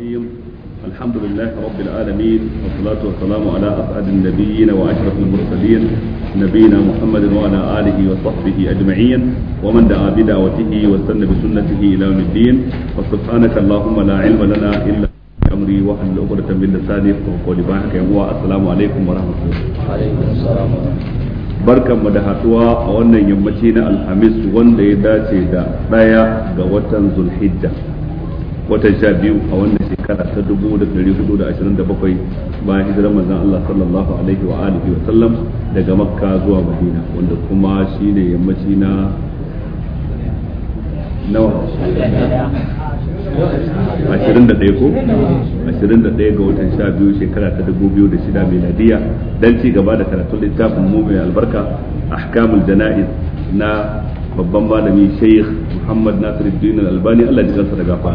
الرحيم الحمد لله رب العالمين والصلاة والسلام على أسعد النبيين وأشرف المرسلين نبينا محمد وعلى آله وصحبه أجمعين ومن دعا بدعوته واستنى بسنته إلى يوم الدين وسبحانك اللهم لا علم لنا إلا أمري وحل عقدة من لساني يفقهوا قولي بارك السلام عليكم ورحمة الله وعليكم السلام ورحمة الله barkanmu da haɗuwa a wannan yammaci na alhamis wanda ya dace da ɗaya ga watan zulhijja watan sha biyu a wannan shekara ta dubu da ɗari hudu da ashirin da bakwai bayan hijirar manzan Allah sallallahu alaihi wa alihi wa sallam daga makka zuwa madina wanda kuma shi ne yammaci na nawa ashirin da ɗaya ko ashirin da ɗaya ga watan sha biyu shekara ta dubu biyu da shida miladiya don ci gaba da karatun littafin mu mai albarka ahkamul jana'iz na babban malami Sheikh Muhammad Nasiruddin Albani Allah ya kansa da fa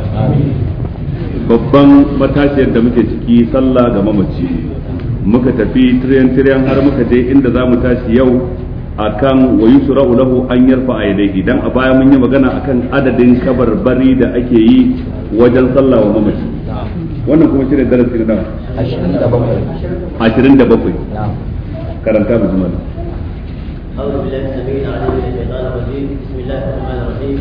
babban matashiyar da muke ciki sallah ga mamaci muka tafi tiriyan tiriyan har muka je inda za mu tashi yau akan wa yusra'u lahu an yarfa yadayhi dan a baya mun yi magana akan adadin kabar bari da ake yi wajen sallah wa mamaci wannan kuma shine darasi na 27 27 karanta bismillah أعوذ بالله السميع العليم من الشيطان الرجيم بسم الله الرحمن الرحيم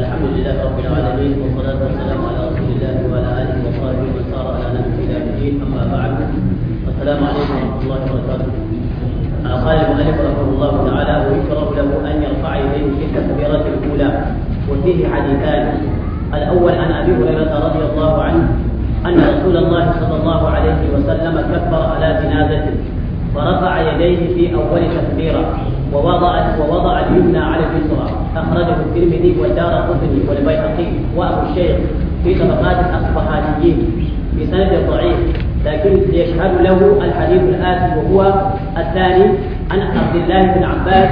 الحمد لله رب العالمين والصلاة والسلام على رسول الله وعلى آله وصحبه ومن سار على نهجه إلى الدين أما بعد السلام عليكم ورحمة الله وبركاته قال المؤلف رحمه الله تعالى ويشرف له أن يرفع يديه في التكبيرة الأولى وفيه حديثان الأول عن أبي هريرة رضي الله عنه أن رسول الله صلى الله عليه وسلم كبر على جنازته ورفع يديه في أول تكبيرة ووضع ووضع اليمنى على اليسرى أخرجه الترمذي والدار قطني والبيهقي وأبو الشيخ في طبقات الاصبهانيين بسند ضعيف لكن يشهد له الحديث الآتي وهو الثاني عن عبد الله بن عباس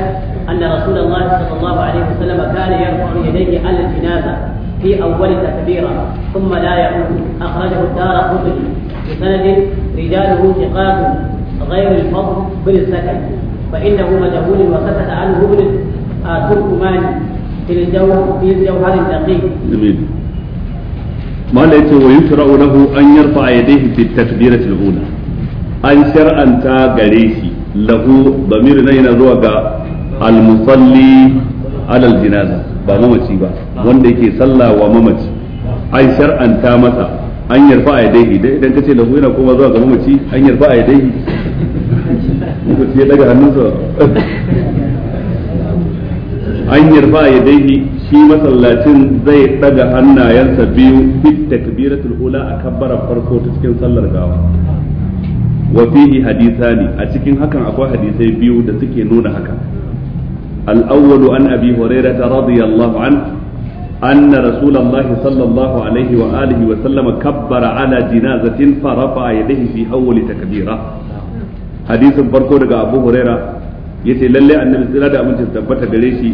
أن رسول الله صلى الله عليه وسلم كان يرفع يديه على الجنازة في أول تكبيرة ثم لا يعود أخرجه الدار قطني بسند رجاله ثقات غير الفضل بالسكن فإنه مجهول وسكت عنه ابن تركماني في الجو في الجوهر الدقيق. جميل. ما ليت ويشرع له أن يرفع يديه في التكبيرة الأولى. أن شرعا تاغريش له ضمير نين زوغا المصلي على الجنازة ba mamaci ba wanda yake sallah wa mamaci an shar'anta masa an yarfa a yadaihi dai idan kace lahu yana koma zuwa ga mamaci an yarfa a yadaihi ko sai daga hannunsa an yarfa ya daidai shi masallacin zai daga hannayensa biyu fit takbiratul ula a kabbara farko ta cikin sallar gawa wa fihi hadithani a cikin hakan akwai hadisai biyu da suke nuna haka al-awwalu an abi hurairah radiyallahu anhu أن رسول الله صلى الله عليه وآله وسلم كبر على جنازة فرفع يديه في أول تكبيرة hadisin farko daga abu huraira yace lalle annabi tsira da aminci tabbata gare shi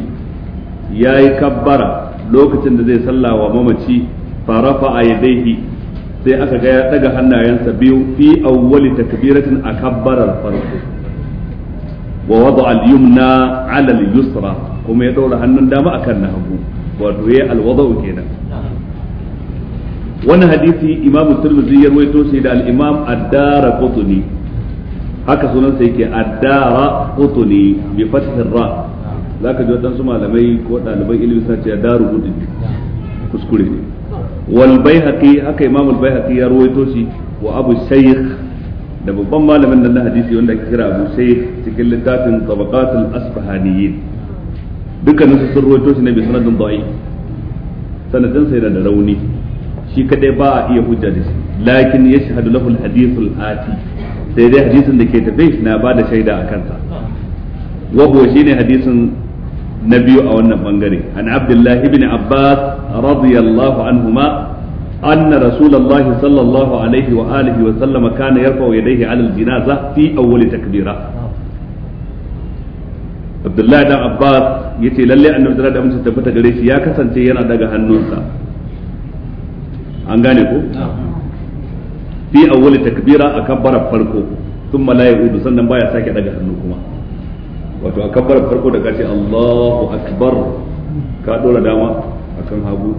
yayi kabbara lokacin da zai salla wa mamaci farafa a yadaihi sai aka ga ya daga hannayensa biyu fi awwali takbiratin a kabbarar farko wa wada al-yumna ala al-yusra kuma ya daura hannun dama akan na hagu wato yayi al-wada'u kenan wannan hadisi imamu tirmidhi ya rawaito shi da al-imam ad-darqutni haka sunan sa yake addara qutni bi fathir ra zaka ji wadansu malamai ko dalibai ilmi sa ce daru qutni kuskure ne wal baihaqi haka imam al baihaqi ya ruwaito shi wa abu shaykh da babban malamin nan na hadisi wanda ake kira abu shaykh cikin littafin tabaqat al asbahaniyin dukkanin su sun ruwaito shi ne bi sanadin da'i sanadin sa yana da rauni shi kadai ba a iya hujja da shi lakin yashhadu lahu al hadith al ati sai dai hadisin da ke tafis na ba shaida a kansa wahuwa shi ne hadisin na biyu a wannan bangare an abdullahi bin abbas radiyallahu anhuma anna rasulallahi sallallahu alaihi wa alihi wa sallama kana yarfa wa yadayhi ala aljinaza fi awwali takbira abdullahi dan abbas yace lalle annabi da amince tabbata gare shi ya kasance yana daga hannunsa an gane ko fi awwali takbira a kabbarar farko sun la ya'udu sannan baya sake daga hannu kuma wato a kabbarar farko da kace Allahu akbar ka dora dama akan hagu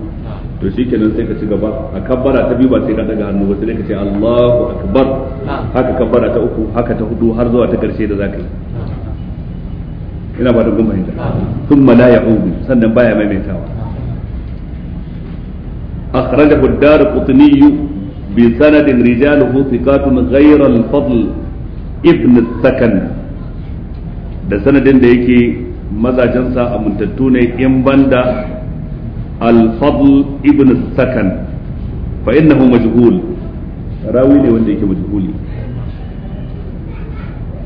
to shikenan sai ka ci gaba a kabbara ta biyu ba sai ka daga hannu ba sai ka ce Allahu akbar haka kabbara ta uku haka ta hudu har zuwa ta karshe da zaka yi ina ba da gumma hinta la ya'udu sannan baya maimaitawa akhrajahu ad بسند رجاله ثقات غير الفضل ابن السكن da sanadin da yake mazajensa amintattu ne in banda al-fadl ibn sakan fa innahu majhul rawi ne wanda yake majhuli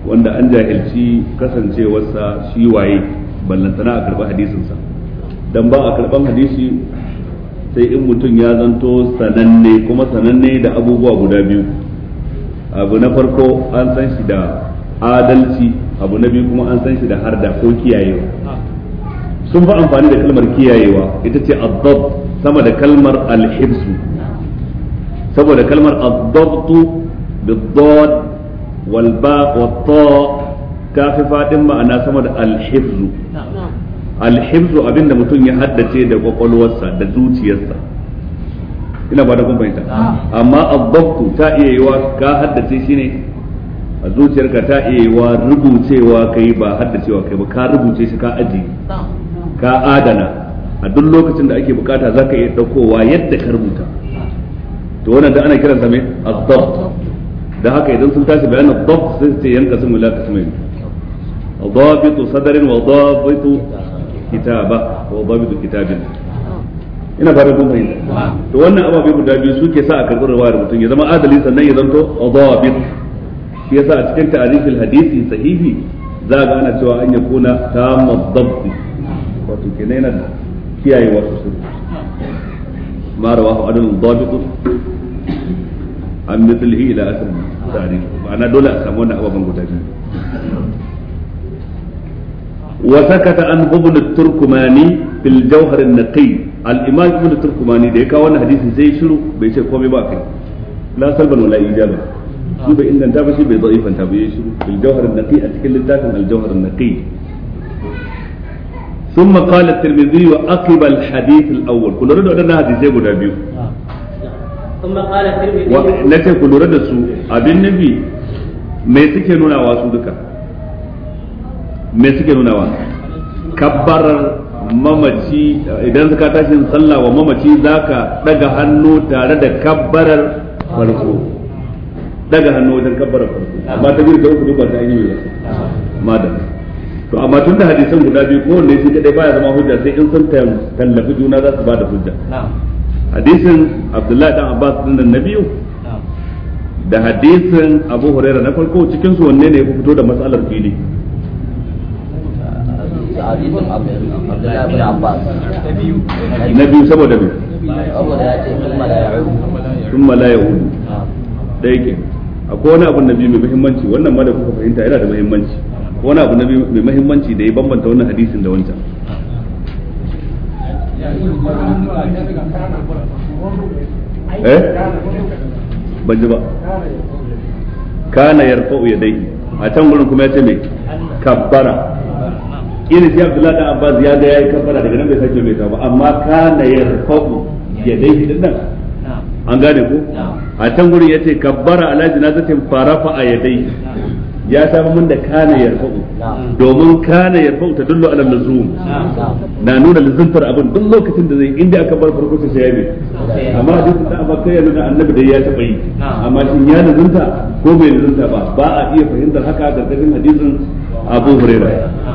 wanda an jahilci kasancewarsa shi waye ballantana a karɓar hadisinsa dan ba a karɓar hadisi sai in mutum ya zanto sananne kuma sananne da abubuwa guda biyu abu na farko an san shi da adalci abu na biyu kuma an san shi da harda ko kiyayewa sun fi amfani da kalmar kiyayewa ita ce addab sama da kalmar alhibsu saboda kalmar addabtu biddad walba ba wa ta fi fadin ma'ana sama da alhibsu alhibzu abinda mutum ya haddace da kwakwalwarsa da zuciyarsa ina ba da kun fahimta ah. amma abbabtu ta iya yiwa ka haddace shi ne a zuciyarka ta iya yiwa rubucewa kai ba haddacewa kai ba ka rubuce shi ka aji ka adana a duk lokacin da ake bukata za ka iya ɗaukowa yadda ka rubuta to wannan da ana kiransa mai azdabt da haka idan sun tashi bayan azdabt sai su ce yanka sun mulaka su mai ضابط صدر وضابط kitaba wa babidu kitabin oh. ina ba da gumbayin to wannan ababe guda biyu suke sa a karɓar rawayar mutum ya zama adali sannan ya zanto adawabit shi yasa a cikin tarihin hadisi sahihi za ga ana cewa an yakuna ta dabbi wato kenan yana kiyayewa sosai ma rawahu adalun dabitun an mithlihi ila asr ba ana dole a samu wannan ababen guda biyu وسكت عن ابن التركماني في الجوهر النقي الامام ابن التركماني da ya kawo wannan hadisin sai shiru bai ce komai ba kai la salban wala ijaban shi bai inganta ba shi bai da'ifan ta bai shiru fil jawhar an-naqi a cikin littafin ثم قال الترمذي وعقب الحديث الاول كل رد ودنا حديثai guda biyu ثم قال الترمذي nace ku lura da su abin nabi mai suke nuna wa su duka me suke nunawa kabbar mamaci idan suka tashin sallah wa mamaci zaka daga hannu tare da kabbarar farko daga hannu wajen kabbarar farko amma ta gudu ta uku duk ba ta yi mai da to amma tun da hadisan guda biyu kowanne shi kadai baya zama hujja sai in sun tallafi juna za su ba da hujja hadisin abdullahi dan abbas din nan nabiyu da hadisin abu huraira na farko cikin su wanne ne ya fito da matsalar fili hadisin na biyu saboda me saboda ya hudu thumma la ya'udu thumma dai ke akwai wani abu na biyu mai muhimmanci wannan ma da kuka fahimta yana da muhimmanci wani abu na biyu mai muhimmanci da ya bambanta wannan hadisin da wancan eh ban ji ba kana yarfa'u dai a can gurin kuma ya ce me kabbara kila ji abdullahi dan abbas ya ga yayi kafara daga nan bai sake mai ta ba amma kana yarfa'u yadayhi din nan an gane ko a can gurin yace kabbara ala jinazatin farafa a yadayhi ya saba mun da kana yarfa'u domin kana yarfa'u ta dullo ala lazum na nuna lazuntar abin duk lokacin da zai inda aka bar farko sai ya bi amma duk da aka kai nuna annabi da ya taba yi amma shin ya lazunta ko bai lazunta ba ba a iya fahimtar haka ga cikin hadisin Abu Hurairah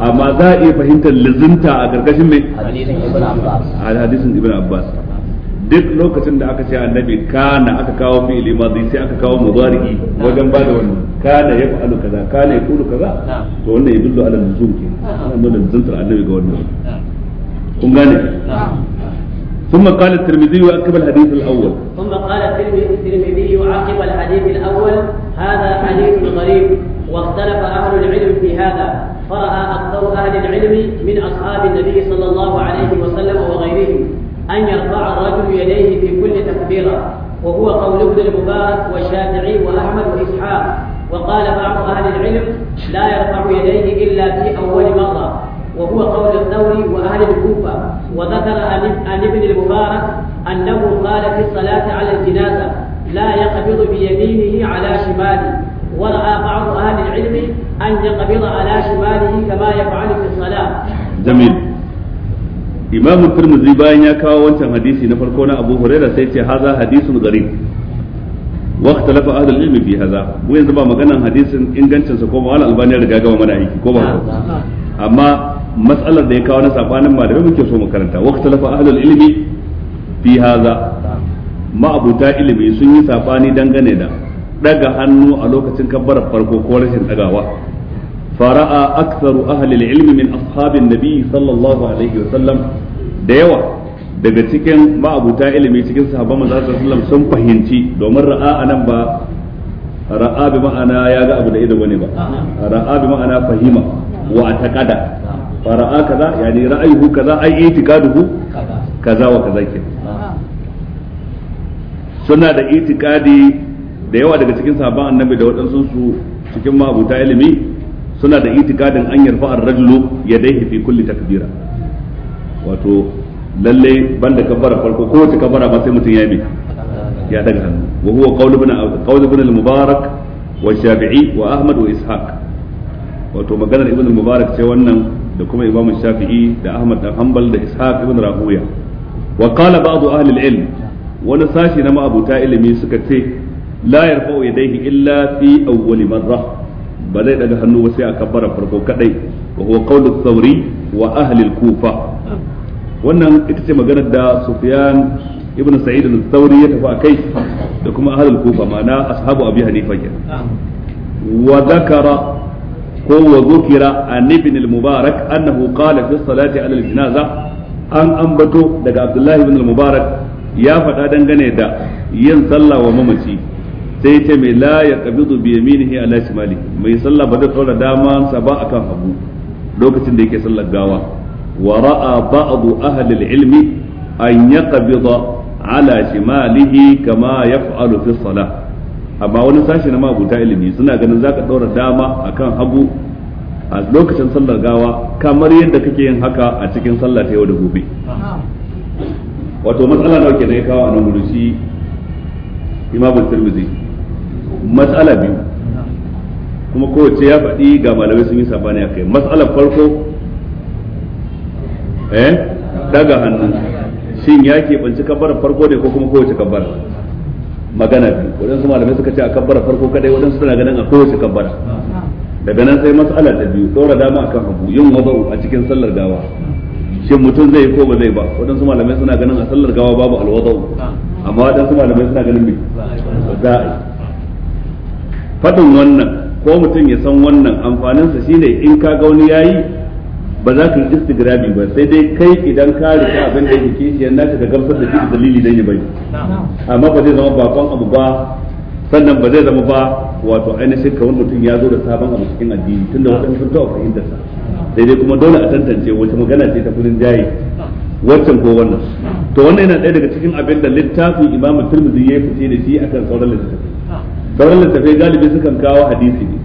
amma za a iya fahimtar lazunta a gargashin mai hadisin Ibn Abbas hadisin Ibn Abbas duk lokacin da aka ce annabi kana aka kawo fi ilima madhi sai aka kawo mudari'i wajen ba da wannan kana ya fa'alu kaza kana ya kulu kaza to wannan yadullu ala nuzul ke wannan dole zuntar annabi ga wannan kun gane ثم قال الترمذي عقب الحديث الاول ثم قال الترمذي عقب الحديث الاول هذا حديث غريب واختلف اهل العلم في هذا فراى اكثر اهل العلم من اصحاب النبي صلى الله عليه وسلم وغيرهم أن يرفع الرجل يديه في كل تكبيرة وهو قول ابن المبارك والشافعي وأحمد وإسحاق وقال بعض أهل العلم لا يرفع يديه إلا في أول مرة وهو قول الثوري وأهل الكوفة وذكر عن ابن المبارك أنه قال في الصلاة على الجنازة لا يقبض بيمينه على شماله ورأى بعض أهل العلم أن يقبض على شماله كما يفعل في الصلاة جميل imamu turmuzi bayan ya kawo wancan hadisi na farko na abu huraira sai ce haza hadisun gari waqta lafa ahlul ilmi bi haza mu yanzu ba maganan hadisin ingancin sa ko mawal albani riga gama mana aiki ko ba amma matsalar da ya kawo na sabanin malamai muke so mu karanta waqta lafa ahlul ilmi bi haza ma'abuta ilimi sun yi sabani dangane da daga hannu a lokacin kabbarar farko ko rashin dagawa fara'a aktharu ahli al-ilm ashabin nabi sallallahu daga cikin ma'abuta ilimi cikin sahabban manzo sallallahu alaihi sun fahimci domin ra'a anan ba ra'a bi ma'ana ya ga abu da ido bane ba ra'a bi ma'ana fahima wa taqada kaza yani ra'ayuhu kaza ai itiqaduhu kaza wa kaza ke suna da itikadi da yawa daga cikin sahabban annabi da waɗansu su cikin ma'abuta ilimi suna da itikadin an yarfa ar-rajulu yadayhi fi kulli takbira wato lalle banda kabbara farko ko wace kabbara ba sai mutum ya yi ya daga hannu wa huwa qawl ibn qawl ibn al-mubarak wa shafi'i wa ahmad wa ishaq wato maganar ibn al-mubarak ce wannan da kuma imam shafi'i da ahmad da hanbal da ishaq ibn rahuya wa qala ba'd ahli al-ilm wani sashi na ma'abuta ilimi suka ce la yarfa'u yadayhi illa fi awwali marrah ba zai daga hannu sai a kabbara farko kadai wa huwa qawlu thawri wa ahli al-kufa wannan ita ce maganar da Sufyan ibn Sa'id al-Thawri ya tafi akai da kuma ahli al-kufa ma'ana ashabu Abi Hanifa ke wa dhakara ko wa dhukira an ibn al-Mubarak annahu qala fi salati ala al-janaza an ambato daga abdullahi ibn al-Mubarak ya faɗa dangane da yin sallah wa mamaci sai ya ce mai la ya kabidu bi yaminihi ala shimali mai sallah ba zai tsora dama sa ba akan hagu lokacin da yake sallar gawa wa ra'a ba'du ahli al-ilmi an yaqbida ala shimalihi kama yaf'alu fi salah amma wani sashi na mabuta ilimi suna ganin zaka ɗora dama akan hagu a lokacin sallar gawa kamar yadda kake yin haka a cikin sallah ta yau da gobe wato matsala nawa kenan ya kawo a nan shi imamul tirmidhi mas'ala biyu kuma kowace ya faɗi ga malamai sun yi sabani kai mas'alar farko eh daga hannu shin ya keɓanci kabbara farko ne ko kuma kowace kabbara magana biyu waɗansu malamai suka ce a kabbara farko kadai waɗansu suna ganin a kowace kabbara daga nan sai mas'ala ta biyu ɗora dama a kan hagu yin wadau a cikin sallar gawa shin mutum zai ko ba zai ba waɗansu malamai suna ganin a sallar gawa babu alwadau amma waɗansu malamai suna ganin me za a yi faɗin wannan ko mutum ya san wannan amfaninsa shine in ka ga wani yayi ba za ka yi istigrabi ba sai dai kai idan ka rika abin da yake shi yana ka gamsar da shi dalili dan ya bari amma ba zai zama bakon abu ba sannan ba zai zama ba wato ainihin kawai mutum ya zo da sabon abu cikin addini tunda wadannan sun taɓa fahimtar sa sai dai kuma dole a tantance wata magana ce ta kudin jayi waccan ko wannan to wannan yana ɗaya daga cikin abin da littafin imamu turmizi ya fice da shi akan sauran littattafai sauran littafai galibi sukan kawo hadisi ne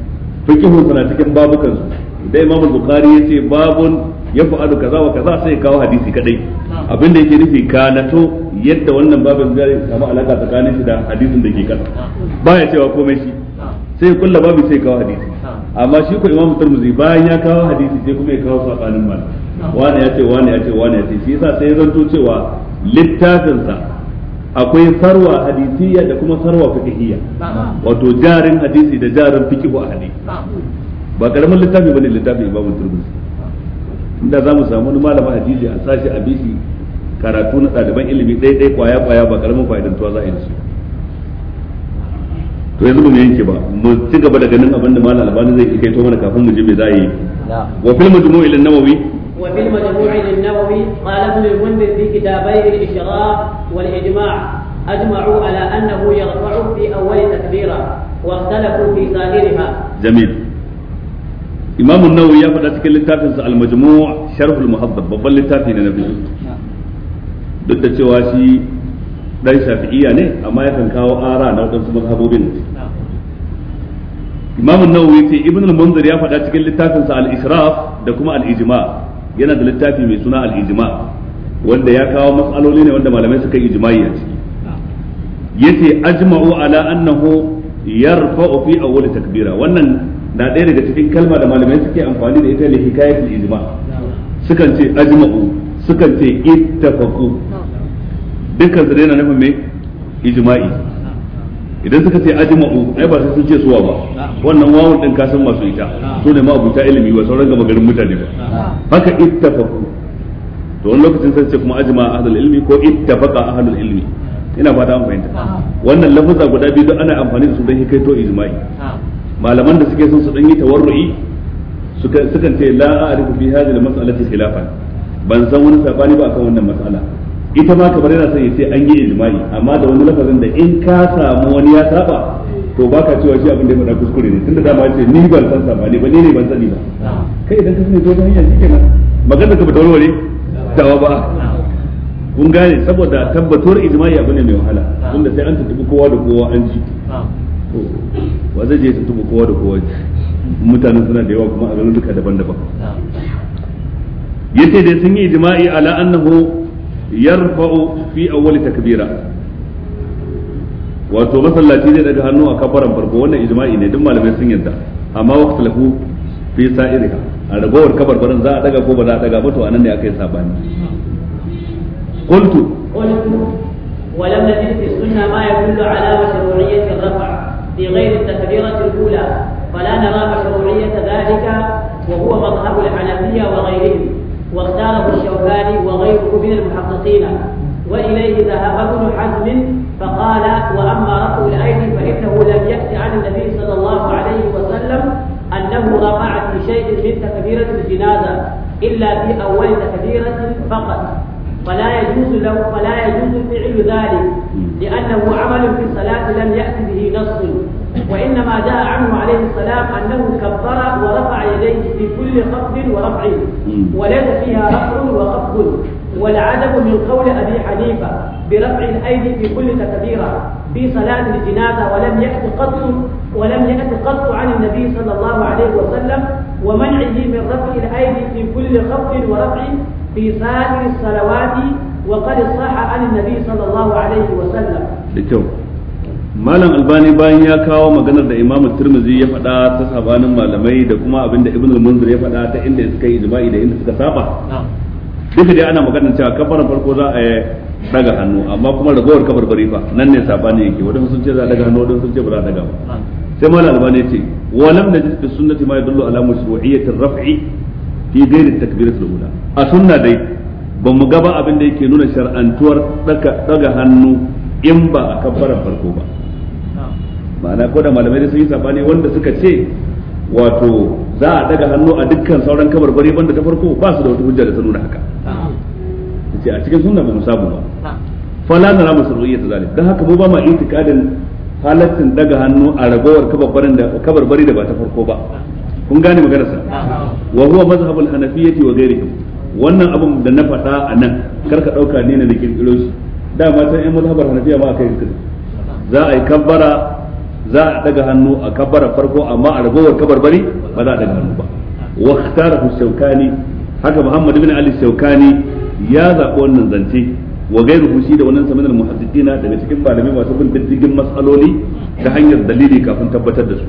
fiqhu suna cikin babukan su da Imam Bukhari ce babun ya yaf'alu kaza wa kaza sai kawo hadisi kadai abin da yake nufi kanato yadda wannan babin zai samu alaka tsakanin shi da hadisin da ke ba baya cewa komai shi sai kulla babu sai kawo hadisi amma shi ko Imam turmuzi bayan ya kawo hadisi sai kuma ya kawo sakanin mal wani ya ce wani ya ce wani ya ce shi yasa sai zanto cewa littafinsa akwai sarwa hadisiyya da kuma sarwa fiqhiyya wato jarin hadisi da jarin fiqhu a hadisi ba karamin littafi bane littafi imamu turmusi inda zamu samu wani malama hadisi a sashi a bishi karatu na daliban ilimi dai dai kwaya kwaya ba karamin fa'idantuwa za a yi shi su to yanzu mu yanke ba mu ci gaba da ganin abin da malam albani zai kai to mana kafin mu je me za yi wa fil majmu'il an-nawawi وفي المجموع للنووي قال ابن المنذر في كتابيه الإشراف والإجماع أجمعوا على أنه يرفع في أول تكبيرة واختلفوا في ظاهرها جميل إمام النووي يفعل ذلك لتافي المجموع شرف المحضب ببال لتافي نبي duk da cewa shi dan shafi'iya ne amma yakan kawo ara na wadansu mazhabobin imam an-nawawi ce ibn al-munzir ya faɗa cikin littafinsa al-israf da kuma al-ijma' yana da littafi mai suna al-ijma wanda ya kawo matsaloli ne wanda malamai suka yi ijma'i a ciki yace ajma'u ala annahu yarfa'u fi awwal takbira wannan na ɗaya daga cikin kalma da malamai suke amfani da ita li hikayatul ijma sukan ce ajma'u sukan ce ittafaqu dukkan su ne na nufin mai ijma'i idan suka ce ajma'u ai ba sai sun ce suwa ba wannan wawun din kasan masu ita su ne ma'abuta ilimi ba sauran gama garin mutane ba haka ittafaqu to wani lokacin sai ce kuma ajma ahlul ilmi ko ittafaqa ahlul ilmi ina fata an fahimta wannan lafaza guda biyu duk ana amfani da su don hikaito ijma'i malaman da suke son su dan yi tawarru'i sukan ce la a'rifu fi hadhihi al-mas'alati khilafan ban san wani sabani ba akan wannan mas'ala ita ma kamar yana son ya ce an yi ijma'i amma da wani lafazin da in ka samu wani ya saba to baka cewa shi abin da ya faɗa kuskure ne tunda dama ce ni ban san saba ne ba ne ne ban sani ba kai idan ka sani to hanya shikenan magana ka ba wani dawa ba kun gane saboda tabbatuwar ijma'i abu ne mai wahala tunda sai an tuntubi kowa da kowa an ci to wa zai je tuntubi kowa da kowa mutanen suna da yawa kuma a ganin duka daban-daban yace dai sun yi ijma'i ala annahu yarfa'u fi awwali takbira wato masallaci zai daga hannu a kafaran farko wannan ijma'i ne duk malamai sun yarda amma waqt lahu fi sa'iriha a ragowar barin za a daga ko ba za a daga ba to anan ne akai sabani qultu ولم نجد في السنة ما يدل على مشروعية الرفع في غير التكبيرة الأولى فلا نرى مشروعية ذلك وهو مذهب الحنفية وغيرهم واختاره الشوكاني وغيره من المحققين وإليه ذهب ابن حزم فقال وأما رفع الأيدي فإنه لم يأت عن النبي صلى الله عليه وسلم أنه رفع في شيء من تكبيرة الجنازة إلا في أول تكبيرة فقط فلا يجوز له فلا يجوز فعل ذلك لأنه عمل في الصلاة لم يأت به نص وإنما جاء عنه عليه السلام أنه كبر ورفع يديه في كل خفض ورفع وليس فيها رفع وخفض والعدم من قول أبي حنيفة برفع الأيدي في كل تكبيرة في صلاة الجنازة ولم يأت قط ولم يأت قط عن النبي صلى الله عليه وسلم ومنعه من رفع الأيدي في كل خفض ورفع في سائر الصلوات وقد صح عن النبي صلى الله عليه وسلم. malam albani bayan ya kawo maganar da imamu turmuzi ya faɗa ta sabanin malamai da kuma abin da ibn al-munzir ya faɗa ta inda suka yi ijma'i da inda suka saba duka dai ana maganar cewa kafaran farko za a daga hannu amma kuma ragowar kafar bari fa nan ne sabani yake wadansu sun ce za a daga hannu wadansu sun ce ba za a daga ba sai malam albani ya ce wa lam najid fi sunnati ma yadullu ala mashru'iyyati raf'i fi ghairi takbirat al-ula a sunna dai ba mu gaba abin da yake nuna shar'antuwar daga hannu in ba a kabbaran farko ba ma'ana ko da malamai sun yi sabani wanda suka ce wato za a daga hannu a dukkan sauran kabarbari banda ta farko ba su da wata hujja da ta nuna haka ce a cikin sunna ba mu samu ba fala na ramu saruriyya ta zalim dan haka mu ba ma itikadin halattin daga hannu a ragowar kabarbarin da kabarbari da ba ta farko ba kun gane maganar sa wa huwa mazhabul hanafiyyati wa ghairihim wannan abun da na faɗa a nan kar ka dauka ne na da kirkiro shi dama sai ɗan mazhabar hanafiya ma aka yi za a yi kabbara za a daga hannu a kabbara farko amma a ragowar kabarbari ba za a daga hannu ba wa ikhtarahu shaukani haka muhammad ibn ali shaukani ya zaɓi wannan zance wa gairu shi da wannan saminar muhaddidina daga cikin malamai masu bin diddigin matsaloli ta hanyar dalili kafin tabbatar da su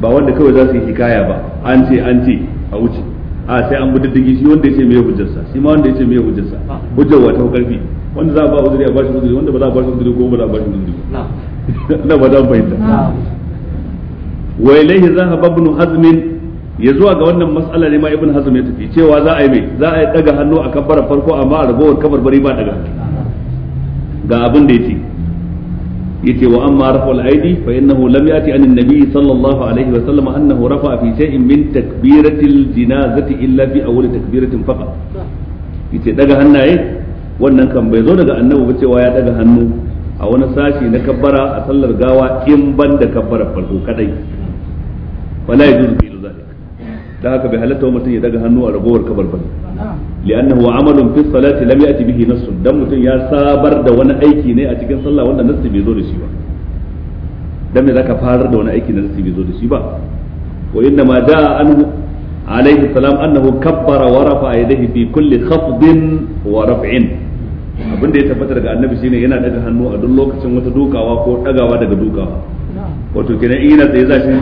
ba wanda kawai za su yi hikaya ba an ce an ce a wuce a sai an bi diddigi shi wanda ya ce me hujjarsa shi ma wanda ya ce me hujjarsa hujjar wata karfi wanda za a ba uzuri a ba bashi uzuri wanda ba za a ba bashi uzuri ko ba za a ba bashi uzuri Allah ba dan bayyana wa ilayhi zahaba ibn hazm ya zuwa ga wannan mas'ala ne ma ibn hazm ya tafi cewa za a yi mai za a yi daga hannu a kabbara farko amma a ragowar kabar bari ba daga ga abin da yace yace wa amma rafa'ul aidi fa innahu lam yati anin nabiy sallallahu alaihi wa sallam annahu rafa'a fi shay'in min takbiratil jinazati illa fi awwal takbiratin faqat yace daga hannaye wannan kan bai zo daga annabi ba cewa ya daga hannu a wani sashi na kabbara a sallar gawa in ban da kabbarar farko kadai wala yajuzu bi zalik da haka bai halatta mutum ya daga hannu a ragowar kabar bane li'annahu amalun fi salati lam ya'ti bihi nassun dan mutum ya sabar da wani aiki ne a cikin sallah wanda nassi bai zo da shi ba dan me zaka farar da wani aiki da nassi bai zo da shi ba wa inna ma da'a anhu alayhi salam annahu kabbara wa rafa'a yadayhi fi kulli khafdin wa raf'in abin da ya tabbata daga annabi shine yana daga hannu a duk lokacin wata dukawa ko dagawa daga dukawa wato kenan in yana tsaye za shi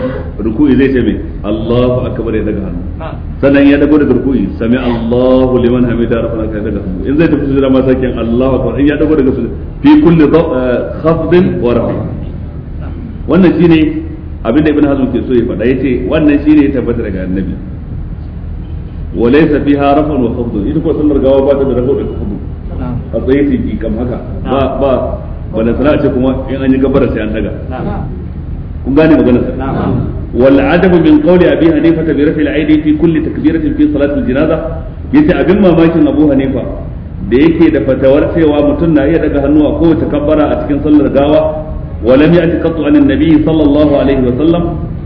ruku'i zai ce mai Allahu akbar ya daga hannu sannan ya dago daga ruku'i sami Allahu liman hamida rabbana ka daga hannu in zai tafi sujuda ma sakin Allahu akbar in ya dago daga sujuda fi kulli eh, khafdin wa rafa wannan shine abin da ibn hazm ke so ya faɗa yace wannan shine ya tabbata daga annabi wa laysa fiha rafa wa khafd ita ko sallar gawa ba ta da rafa da khafd a tsaye su yi kam haka ba ba bana sana'a ce kuma in an yi gabara sai an taga. kun gane maganar sa wal adabu min qawli abi hanifa bi raf'il aidi fi kulli takbiratin fi salati al janaza yace abin mamakin abu hanifa da yake da fatawar cewa mutum na iya daga hannu a kowace kabbara a cikin sallar gawa walam ya'ti qattu an annabi sallallahu alaihi wa sallam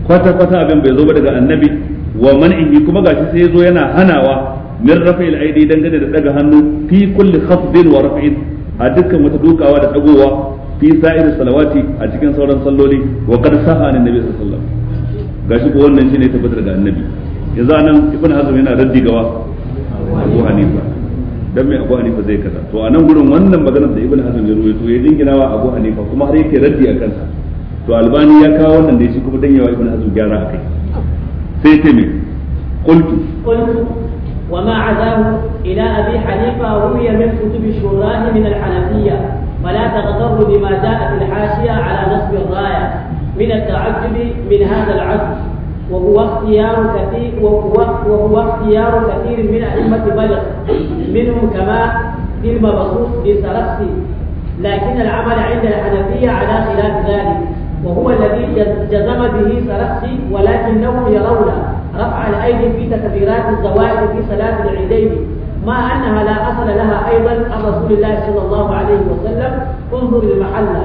kwata kwata abin bai zo ba daga annabi wa man'ihi kuma gashi sai yazo yana hanawa min al aidi dangane da daga hannu fi kulli khafdin wa raf'in a dukkan wata dukawa da dagowa fi sa'ir salawati a cikin sauran salloli wa qad saha an nabi sallallahu alaihi wasallam gashi ko wannan shine tabbatar da annabi yanzu anan ibn hazm yana raddi gawa abu hanifa dan mai abu hanifa zai kaza to anan gurin wannan maganar da ibn hazm ya ruwaito ya dingina wa abu hanifa kuma har yake raddi a kansa to albani ya kawo wannan da yake kuma dan yawa ibn hazm gyara akai sai ce me qultu qultu وما عداه إلى أبي حنيفة روي من كتب الشراء من الحنفية فلا تغتر بما جاء في الحاشية على نصب الراية من التعجب من هذا العجز وهو اختيار كثير وهو, وهو اختيار كثير من أئمة بلغ منهم كما في المبسوط لسرخسي لكن العمل عند الحنفية على خلاف ذلك وهو الذي جزم به سرخسي ولكنهم يرون رفع الأيدي في تكبيرات الزواج في صلاة العيدين ما أنها لا أصل لها أيضا عن رسول الله صلى الله عليه وسلم انظر المحلة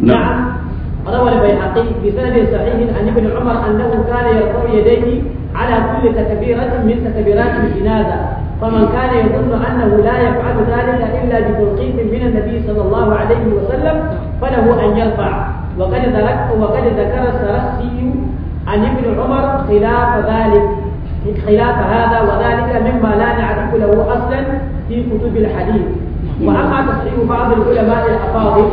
نعم. نعم روى البيهقي سند صحيح عن ابن عمر أنه كان يرفع يديه على كل تكبيرة من تكبيرات الجنازة فمن كان يظن أنه لا يفعل ذلك إلا بتوقيف من النبي صلى الله عليه وسلم فله أن يرفع وقد ذكر السرخسي عن ابن عمر خلاف ذلك خلاف هذا وذلك مما لا نعرف له اصلا في كتب الحديث واما تصحيح بعض العلماء الافاضل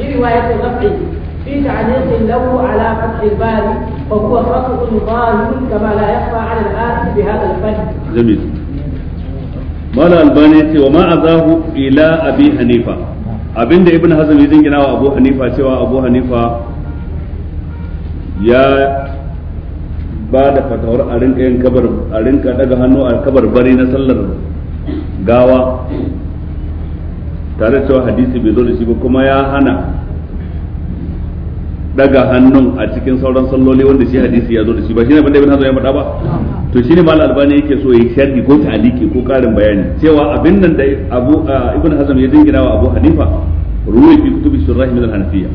لروايه الرفع في تعليق له على فتح الباب وهو خطأ ظاهر كما لا يخفى على الآن بهذا الفن. جميل. مال الباني وما عزاه إلى أبي حنيفة ابن ibn hazm ya jingina wa abu hanifa cewa abu hanifa ya ba da fatawar a rinka yin kabar a rinka daga hannu a kabar bari na sallar gawa tare cewa hadisi bai zo da shi ba kuma ya hana daga hannun a cikin sauran salloli wanda shi hadisi ya zo da shi ba shine bandai bin hazo ya faɗa ba to shine mal albani yake so yi sharhi ko ta'liki ko karin bayani cewa abin nan da abu ibn hazm ya dingina wa abu hanifa ruwai fi kutubi shurrah min al-hanafiyya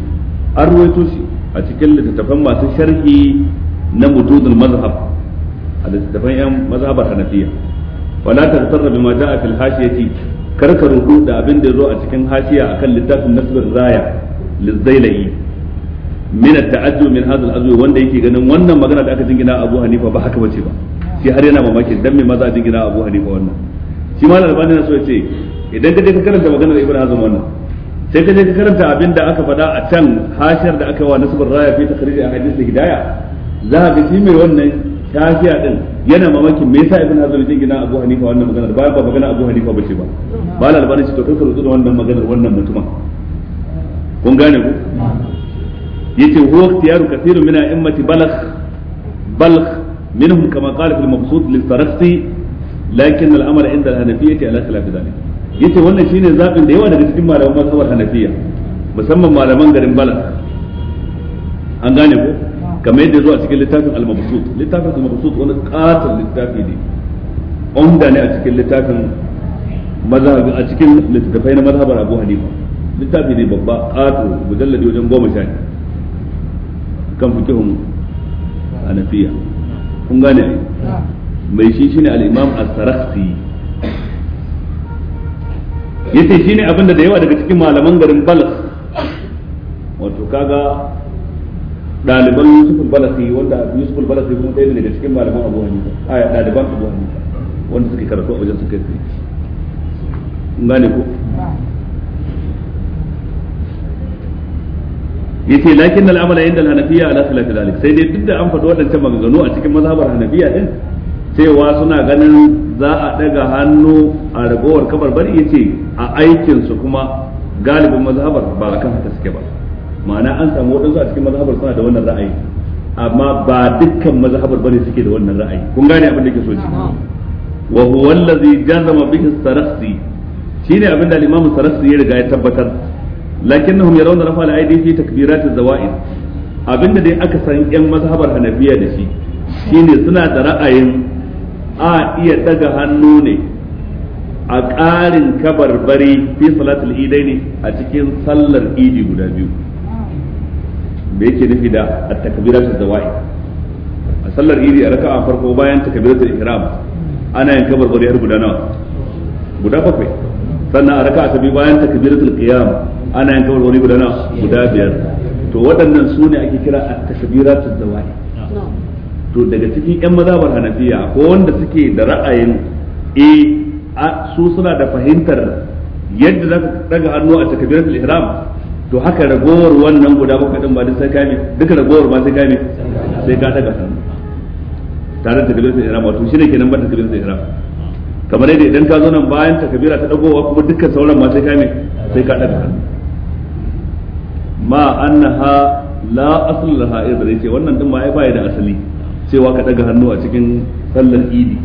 an ruwaito shi a cikin littattafan masu sharhi na mutudul mazhab a littattafan yan mazhabar hanafiya wala taghtarra bima jaa fil hashiyati karka rudu da abin da zo a cikin hashiya akan littafin nasbur raya lizzailai min at-ta'ajjub min hadha al-azwi wanda yake ganin wannan magana da aka jingina Abu Hanifa ba haka bace ba sai har yana mamaki dan me maza jingina Abu Hanifa wannan shi malam al-Albani na so ya ce idan ka je ka karanta maganar Ibn Hazm wannan sai ka je ka karanta abin da aka faɗa a can hashiyar da aka yi wa nasbur raya fi takhrij ahadith al-hidayah zahabi shi mai wannan shafiya din yana mamakin me yasa ibn hazm yake gina abu hanifa wannan maganar ba ba magana abu hanifa bace ba ba la albani to kai ka da wannan maganar wannan mutumin kun gane ku yace huwa ikhtiyaru kathirun min a'immati balagh balagh منهم كما قال في المبسوط للسرخسي لكن الامر عند الحنفيه على خلاف ذلك yace wannan shine zabin da yawa daga cikin malaman mazhabar hanafiya musamman malaman garin bala an gane ko kamar yadda zuwa cikin littafin al-mabsut littafin al-mabsut wani katon littafi ne onda ne a cikin littafin mazhabi a cikin littafai na mazhabar Abu Hanifa littafi ne babba kato mujalladi wajen goma sha kan fikihun hanafiya kun gane mai shi shine al-imam as-sarakhsi yace shine abinda da yawa daga cikin malaman garin Balkh wato kaga daliban Yusuf balasi wanda Yusuf balasi kuma ɗaya ne daga cikin malaman Abu Hanifa aya daliban Abu Hanifa wanda suke karatu a wajen suke yi gane ko yace lakin al'amala inda al-hanafiyya ala khilafi zalik sai dai duk da an faɗi waɗancan maganganu a cikin mazhabar hanafiya din cewa suna ganin za a daga hannu a ragowar kabar bari yace a aikin su kuma galibin mazhabar ba akan haka suke ba ma'ana an samu waɗansu a cikin mazhabar suna da wannan ra'ayi amma ba dukkan mazhabar bane suke da wannan ra'ayi kun gane abin da ke so shi wa huwa allazi jazama bihi sarasi shine abin da al imam sarasi ya riga ya tabbatar lakinnahum yarawna rafa al-aidi fi takbirat az-zawa'id abinda dai aka san yan mazhabar hanafiya da shi shine suna da ra'ayin a iya daga hannu ne a ƙarin kabarbari fi salatul idaini a cikin sallar idi guda biyu da yake nufi da at-takbiratu zawai a sallar idi a raka'a farko bayan takbiratul ihram ana yin bari har guda nawa guda bakwai sannan a raka'a ta biyu bayan takbiratul qiyam ana yin kabarbari guda nawa guda biyar to waɗannan su ne ake kira at-takbiratu zawai to daga cikin yan mazhabar hanafiya ko wanda suke da ra'ayin eh su suna da fahimtar yadda zaka daga hannu a takbiratul ihram to haka ragowar wannan guda bakwai din ba duk sai kame duka ragowar ba sai kame sai ka daga hannu tare da kabilar sai rama to shine kenan ba ta kabilar sai rama kamar yadda idan ka zo nan bayan ta kabira ta dagowa kuma dukkan sauran ma sai kame sai ka daga hannu ma annaha la asl laha idris ce wannan din ma ai bai da asali cewa ka daga hannu a cikin sallar idi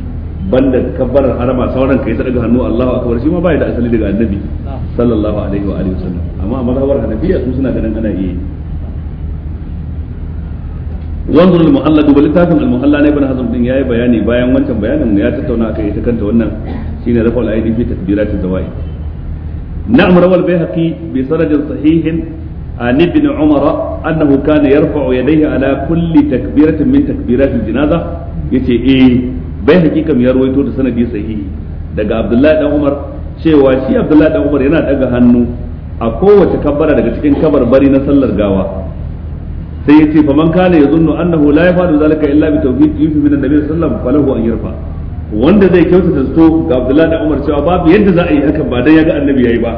banda ka kabbarar harama sauran kai ta daga hannu Allahu akbar shi ma bai da asali daga annabi ah. sallallahu alaihi wa alihi wasallam amma a mazhabar hanafiya su suna ganin ana iya wanzur al-muhalla duba littafin al-muhalla ne ibn hazm din yayi bayani bayan wancan bayanin ya tattauna akai ita kanta wannan shine rafal aidi fi tadbirat az-zawai na'am rawal bayhaqi bi sanad sahihin عن ابن عمر أنه كان يرفع يديه على كل تكبيرة من تكبيرات الجنازة يتي إيه bai hakikam ya ruwaito da sanadi sahihi daga abdullahi dan umar cewa shi abdullahi dan umar yana daga hannu a kowace kabbara daga cikin bari na sallar gawa sai ya ce faman kana ya zunnu annahu la yafadu zalika illa bi tawfiq yufi min annabi sallallahu alaihi wasallam falahu an yarfa wanda zai kyauta da zato ga abdullahi dan umar cewa babu yadda za a yi hakan ba dan ya ga annabi yayi ba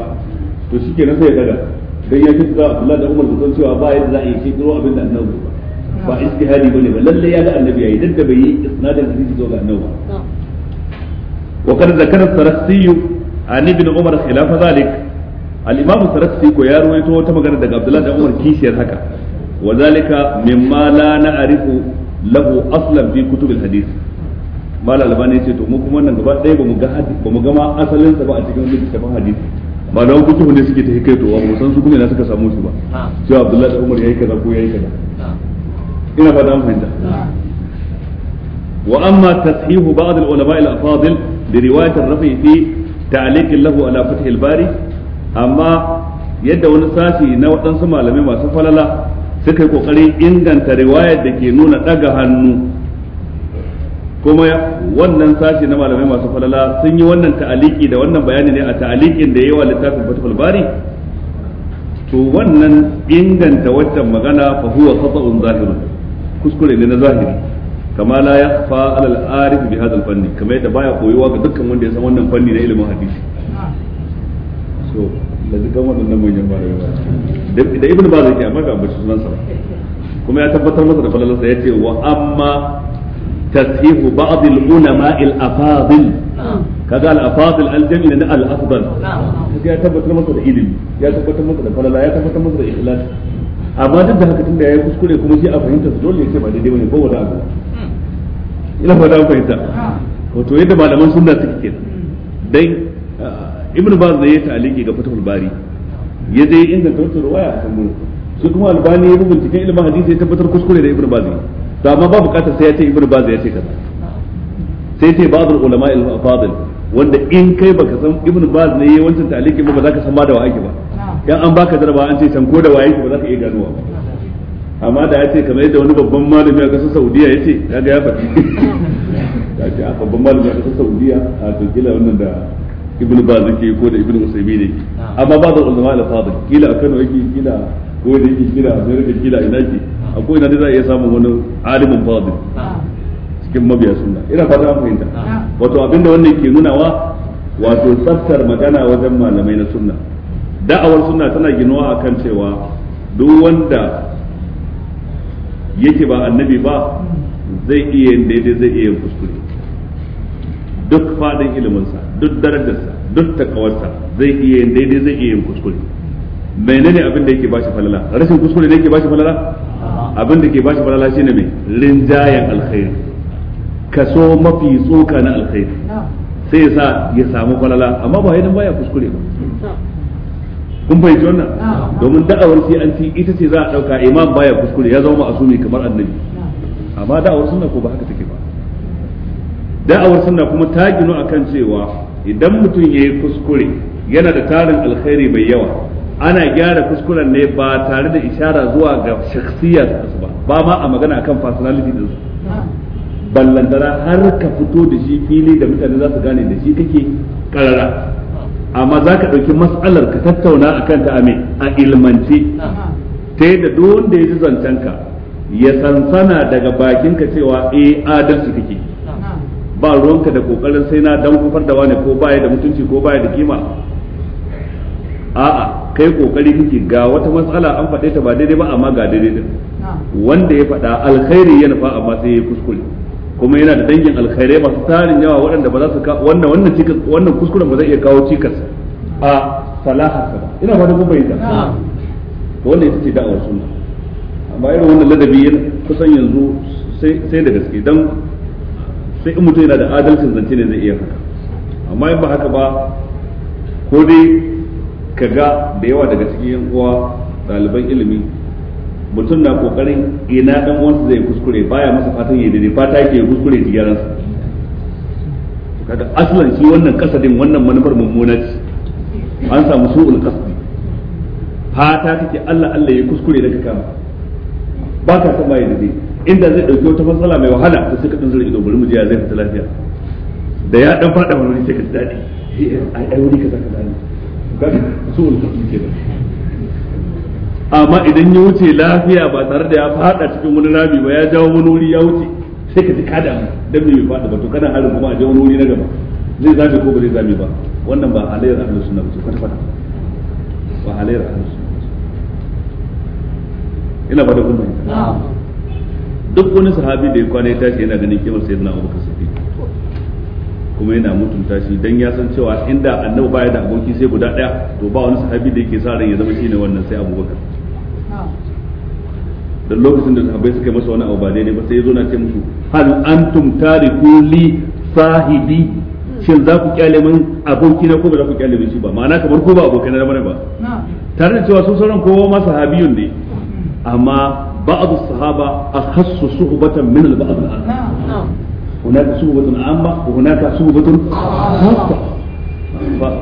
to shikenan sai ya daga dan ya da abdullahi dan umar da cewa ba yadda za a yi shi duro abin da annabi ba ba ijtihadi bane ba lalle ya ga annabi yayi duk da bai yi isnadin hadisi zo ga annabi ba wa kad zakara sarasi an ibn umar khilaf zalik al-imam sarasi ko ya rawaito wata magana daga abdullahi da umar kishiyar haka wa zalika mimma la na'rifu lahu aslan fi kutub al-hadith mala albani ce to mu kuma nan gaba ɗaya ba mu ga ba mu ga ma asalin sa ba a cikin littafin hadisi malaman kutubu ne suke ta hikaitowa wa san su kuma ina suka samu shi ba ah. cewa abdullahi da umar yayi kaza ko yayi kaza ina fata mun fahimta wa amma tashihu ba'd al-ulama al-afadil bi riwayat ar-rafi fi ta'liq lahu ala fath al-bari amma yadda wani sashi na waɗansu malamai masu falala suka yi kokarin inganta riwayar da ke nuna daga hannu kuma wannan sashi na malamai masu falala sun yi wannan ta'aliki da wannan bayani ne a ta'alikin da yawa littafin fatul bari to wannan inganta waccan magana fa huwa khata'un zahirun kuskure ne na zahiri kama la yakhfa ala arif bi fanni kamar yadda baya koyuwa ga dukkan wanda ya san wannan fanni na ilimin hadisi so da dukkan wannan manyan da baz yake amma ga bashi sunan sa kuma ya tabbatar masa da falalarsa yace wa amma tasihu ba'd al-ulama al-afadil kaga al-afadil al na al-afdal ya tabbatar masa da ilimi ya tabbatar masa da falala ya tabbatar masa da amma duk da haka tunda yayi kuskure kuma shi a fahimta su dole ce ba daidai bane ko wala abu ina fata an fahimta wato yadda malaman sunna suke ke dai uh, ibnu baz da ya ta'aliki ga fatul bari ya dai inda wata ruwaya a kan shi kuma albani ya cikin ilmin hadisi ya tabbatar kuskure da ibnu baz to amma ba bukatar sai ya ce ibnu baz ya ce kaza sai ce ba'd ulama al-fadil wanda in kai baka san ibn baz ne yayin wancan taliki ba ba ka san ma da wa ba dan an baka jarba an ce san ko da waye ba za ka iya ganowa ba amma da ya ce kamar yadda wani babban malami a kasar saudiya ya ce kaga ya faɗi ya ce a babban malami a kasar saudiya a tukila wannan da ibn baz yake ko da ibn usaymi ne amma ba da ulama da fadil kila a Kano yake kila ko da yake kila a da kila ina ke akwai ina da za a iya samun wani alimin fadil cikin mabiya sunna ina fata an fahimta wato abinda wannan ke nunawa wato tsaftar magana wajen malamai na sunna da'awar sunna tana ginuwa akan cewa duk wanda yake ba annabi ba zai iya yin daidai zai iya yin kuskure duk fadin iliminsa duk darajarsa duk takawarsa zai iya yin daidai zai iya yin kuskure menene abin da yake bashi falala rashin kuskure ne yake bashi falala abin da ke bashi falala shine mai rinjayen alkhairi kaso mafi tsoka na alkhairi sai ya sa ya samu falala amma ba yadda baya kuskure ba kun fahimci wannan domin da'awar sai an ci ita ce za a dauka imam baya kuskure ya zama asumi kamar annabi amma da'awar sunna ko ba haka take ba da'awar sunna kuma ta ginu akan cewa idan mutum yayi kuskure yana da tarin alkhairi mai yawa ana gyara kuskuren ne ba tare da ishara zuwa ga shakhsiyar ba ba ma a magana akan personality din su ballantana har ka fito da shi fili da mutane za su gane da shi kake karara amma za ka ɗauki matsalar ka tattauna a kanta a mai a ilmance ta yadda duk da ya ji zancenka ya sansana daga bakinka cewa eh adalci kake ba ruwanka da kokarin sai na dan kufar da wani ko baya da mutunci ko baya da kima a'a kai kokari kake ga wata matsala an faɗe ta ba daidai ba amma ga daidai din wanda ya faɗa alkhairi ya nufa amma sai ya kuskure kuma yana da dangin alkhairai masu tarin yawa waɗanda ba za su ka wannan wannan cikas wannan kuskuren ba zai iya kawo cikas a salahar ba ina fata kuma yi to wannan ita ce da'awar suna amma irin wannan ladabi yana kusan yanzu sai da gaske don sai in mutum yana da adalcin zance ne zai iya haka amma in ba haka ba ko dai ka ga da yawa daga cikin yan uwa ɗaliban ilimi mutum na kokarin ina dan uwansa zai kuskure baya masa fatan ya daidai fata yake kuskure ji gyaran sa to kaga aslan shi wannan kasadin wannan manufar mummuna ce an samu su'ul qasdi fata take Allah Allah ya kuskure daga ka kama ba ka san mai daidai inda zai dauki wata fasala mai wahala to sai ka dan zura ido bari mu je zai fita lafiya da ya dan fada wani sai ka ji dadi ai ai wani kaza kaza ne kaga su'ul qasdi kenan amma idan ya wuce lafiya ba tare da ya fada cikin wani rami ba ya jawo wani wuri ya wuce sai ka ji ka damu dan me fada ba to kana harin kuma a je wani wuri na gaba zai zame ko ba zai zame ba wannan ba halayyar ahlus sunna ba kwata kwata ba halayyar ahlus sunna ina ba da kun duk wani sahabi da ya kwana ya tashi yana ganin kimar sayyidina Abubakar Siddiq kuma yana mutunta shi dan ya san cewa inda annabi baya da aboki sai guda daya to ba wani sahabi da yake sa ran ya zama shine wannan sai Abubakar da lokacin da sahabbai suka yi masa wani abu ba daidai ba sai ya zo na ce musu hal antum tariku li sahibi shin za ku kyale min aboki na ko ba za ku kyale min shi ba ma'ana kamar ko ba abokai na bane ba tare da cewa sun sauran kowa ma sahabiyun ne amma ba'd as-sahaba akhassu suhbatan min al-ba'd al-akhar hunaka suhbatun amma wa hunaka suhbatun khassa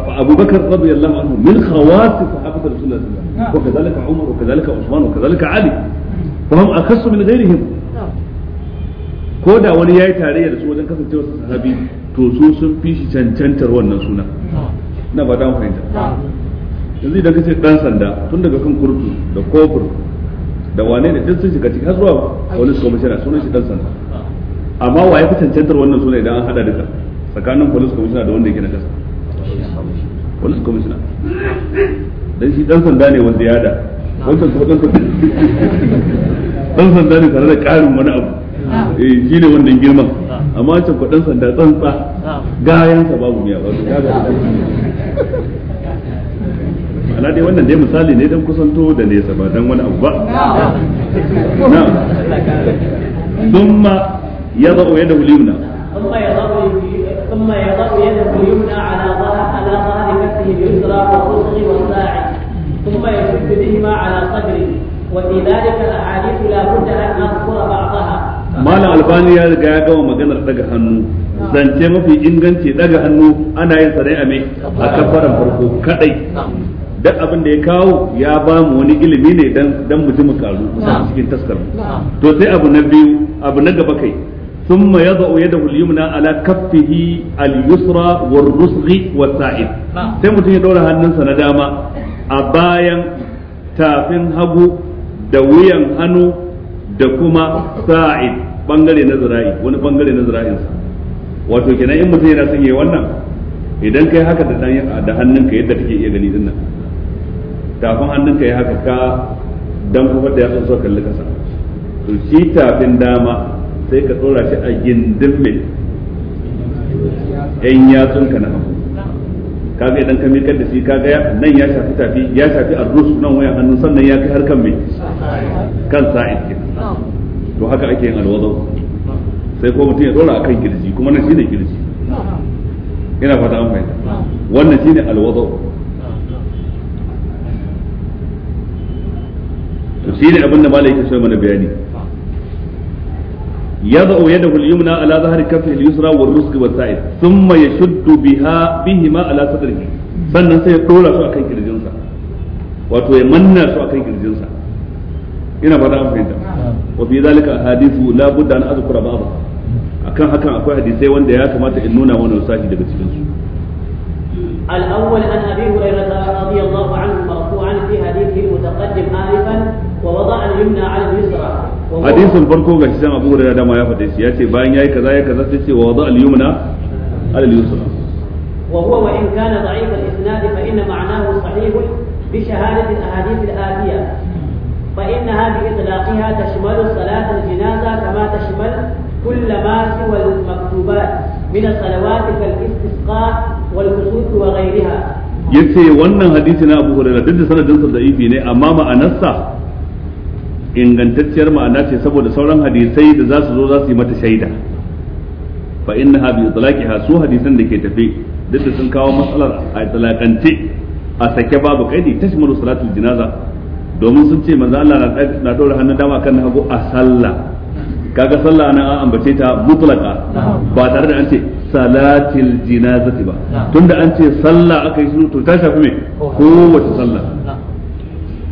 فابو بكر رضي الله عنه من خواص صحابه رسول الله صلى الله عليه وسلم وكذلك عمر وكذلك عثمان وكذلك علي fa a kasu min ghairihim ko da wani yayi tarayya da su wajen kasancewa su sahabi to su sun fi shi cancantar wannan suna na ba dan fahimta yanzu idan kace dan sanda tun daga kan kurtu da kofur da wane ne duk sun shiga ciki har zuwa wani commissioner sunan shi dan sanda amma waye fi cancantar wannan suna idan an hada duka tsakanin police commissioner da wanda yake na kasa police commissioner dan shi dan sanda ne wanda ya da wancan kuma dan sanda ne tare da ƙarin wani abu ah. eh shi ne wannan girman ah. amma wancan kuma dan sanda tsantsa ah. gayan sa babu ne a wato ana dai wannan dai misali ne dan kusanto da nesa ba dan wani abu ba na thumma yadau yadahu liyuna thumma yadau ثم يضع يده اليمنى على ظهر ظهر كفه اليسرى وخصه ثم يشد بهما على صدره وفي ذلك الأحاديث لا بد أن نذكر بعضها malam albani ya riga ya gama maganar daga hannu zance mafi inganci daga hannu ana yin sa ne a me a kafaran farko kadai duk abin da ya kawo ya ba mu wani ilimi ne dan dan mu ji mu karu cikin taskar to sai abu na biyu abu na gaba kai ثم يضع يده اليمنى على كفه اليسرى والرسغ والساعد sai mutum ya daura hannunsa na dama a bayan tafin hagu da wuyan hannu da kuma sa'id bangare na zira'i wani bangare na zira'insa wato kenan in mutum yana son yayi wannan idan kai haka da dan da hannunka yadda kake iya gani dinnan tafin hannunka ya haka ka dan kuma da yatsun so kalli kasa to shi tafin dama sai ka tsora shi a gindin mai yan yatsunka na hannu ga idan ka mikar da shi kaga nan ya shafi tafi ya shafi arrus nan waya hannu sannan ya kai harkan mai kan sa'id ke to haka ake yin alwazau sai ko mutum ya dora akan kirji kuma nan shine kirji ina fata an fahimta wannan shine alwazau to shine abin da malai yake so mana bayani يضع يده اليمنى على ظهر كفه اليسرى والرزق والسائل ثم يشد بها بهما على صدره sannan sai ya dora su akan kirjinsa wato ya manna su akan kirjinsa ina fata an fahimta wa fi zalika hadithu la budda an azkura ba'd akan hakan akwai hadisai wanda ya kamata in nuna wani sashi daga cikin su al-awwal an abi hurairah radiyallahu anhu marfu'an fi hadithi mutaqaddim alifan hadisin farko ga shi abu hurairah dama ya faɗe shi ya ce bayan yayi kaza ya kaza sai ce wa wada al-yumna wa huwa wa in kana da'if al-isnad fa inna ma'nahu sahih bi shahadati al-ahadith al-atiya fa innaha bi itlaqiha tashmalu salat al-janaza kama tashmal كل ما سوى المكتوبات من الصلوات كالاستسقاء والكسوف وغيرها yace wannan hadisi na Abu Hurairah duk da sanadin sa da'ifi ne amma ma'anarsa ingantacciyar ma'ana ce saboda sauran hadisai da za su zo za su yi mata shaida fa ha bi itlaqiha su hadisan da ke tafi duk da sun kawo matsalar a itlaqance a sake babu kaidi tashmalu salatu jinaza domin sun ce manzo Allah na daura hannun dama kan hagu a sallah kaga sallah nan an ambace ta mutlaqa ba tare da an ce salatil jinaza ba tunda an ce sallah aka yi to ta shafi me kowace sallah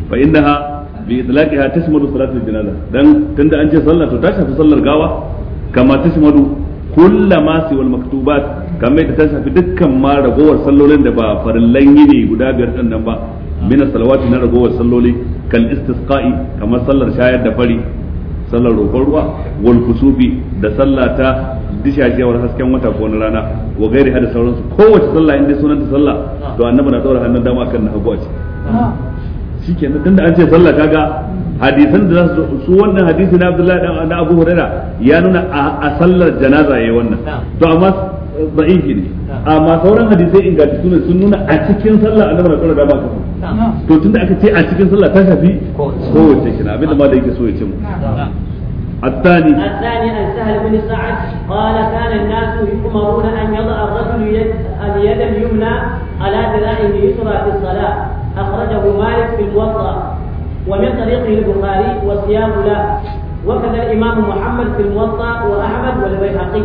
fa innaha bi idlaqiha tasmadu salatul janaza dan tunda an ce sallah to ta shafi sallar gawa kama tasmadu kullama wal maktubat kamar ta shafi dukkan ma ragowar sallolin da ba farillan ne guda biyar din nan ba min salawati na ragowar salloli kal istisqa'i kamar sallar shayar da fari sallar roƙon ruwa wal kusubi da sallah ta dishashewar hasken wata ko rana wa gairi hada sauransu kowace sallah inda sunanta sallah to annabi na daura hannun dama kan na hagu a shikenan tunda an ce sallah kaga hadisan da su wannan hadisi na Abdullahi da Abu Huraira ya nuna a sallar janaza yayi wannan to amma da'ifi ne amma sauran hadisai ingantattu ne sun nuna a cikin sallah Allah na tsara da ba to tunda aka ce a cikin sallah ta shafi wace kina abinda ma da yake so ya ce mu الثاني الثاني عن سهل بن سعد قال كان الناس يؤمرون ان يضع الرجل يد اليد اليمنى على ذراعه اليسرى في الصلاه أخرجه مالك في الموطأ ومن طريقه البخاري والصيام له وكذا الإمام محمد في الموطأ وأحمد والبيهقي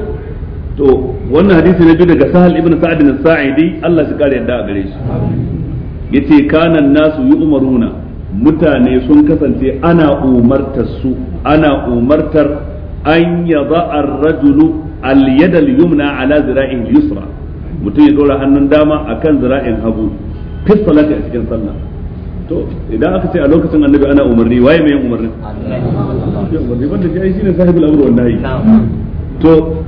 to wannan hadisi na biyu daga sahal ibn sa'ad bin sa'idi Allah shi kare yadda a gare shi yace kanan nasu yu'maruna mutane sun kasance ana umartar su ana umartar an yada ar-rajulu al-yada al-yumna ala zira'ihi al-yusra mutum ya dora hannun dama akan zira'in hagu fi salati a cikin sallah to idan aka ce a lokacin annabi ana umarni waye mai umarni umarni wanda shi ai shine sahibul amr wal yi. to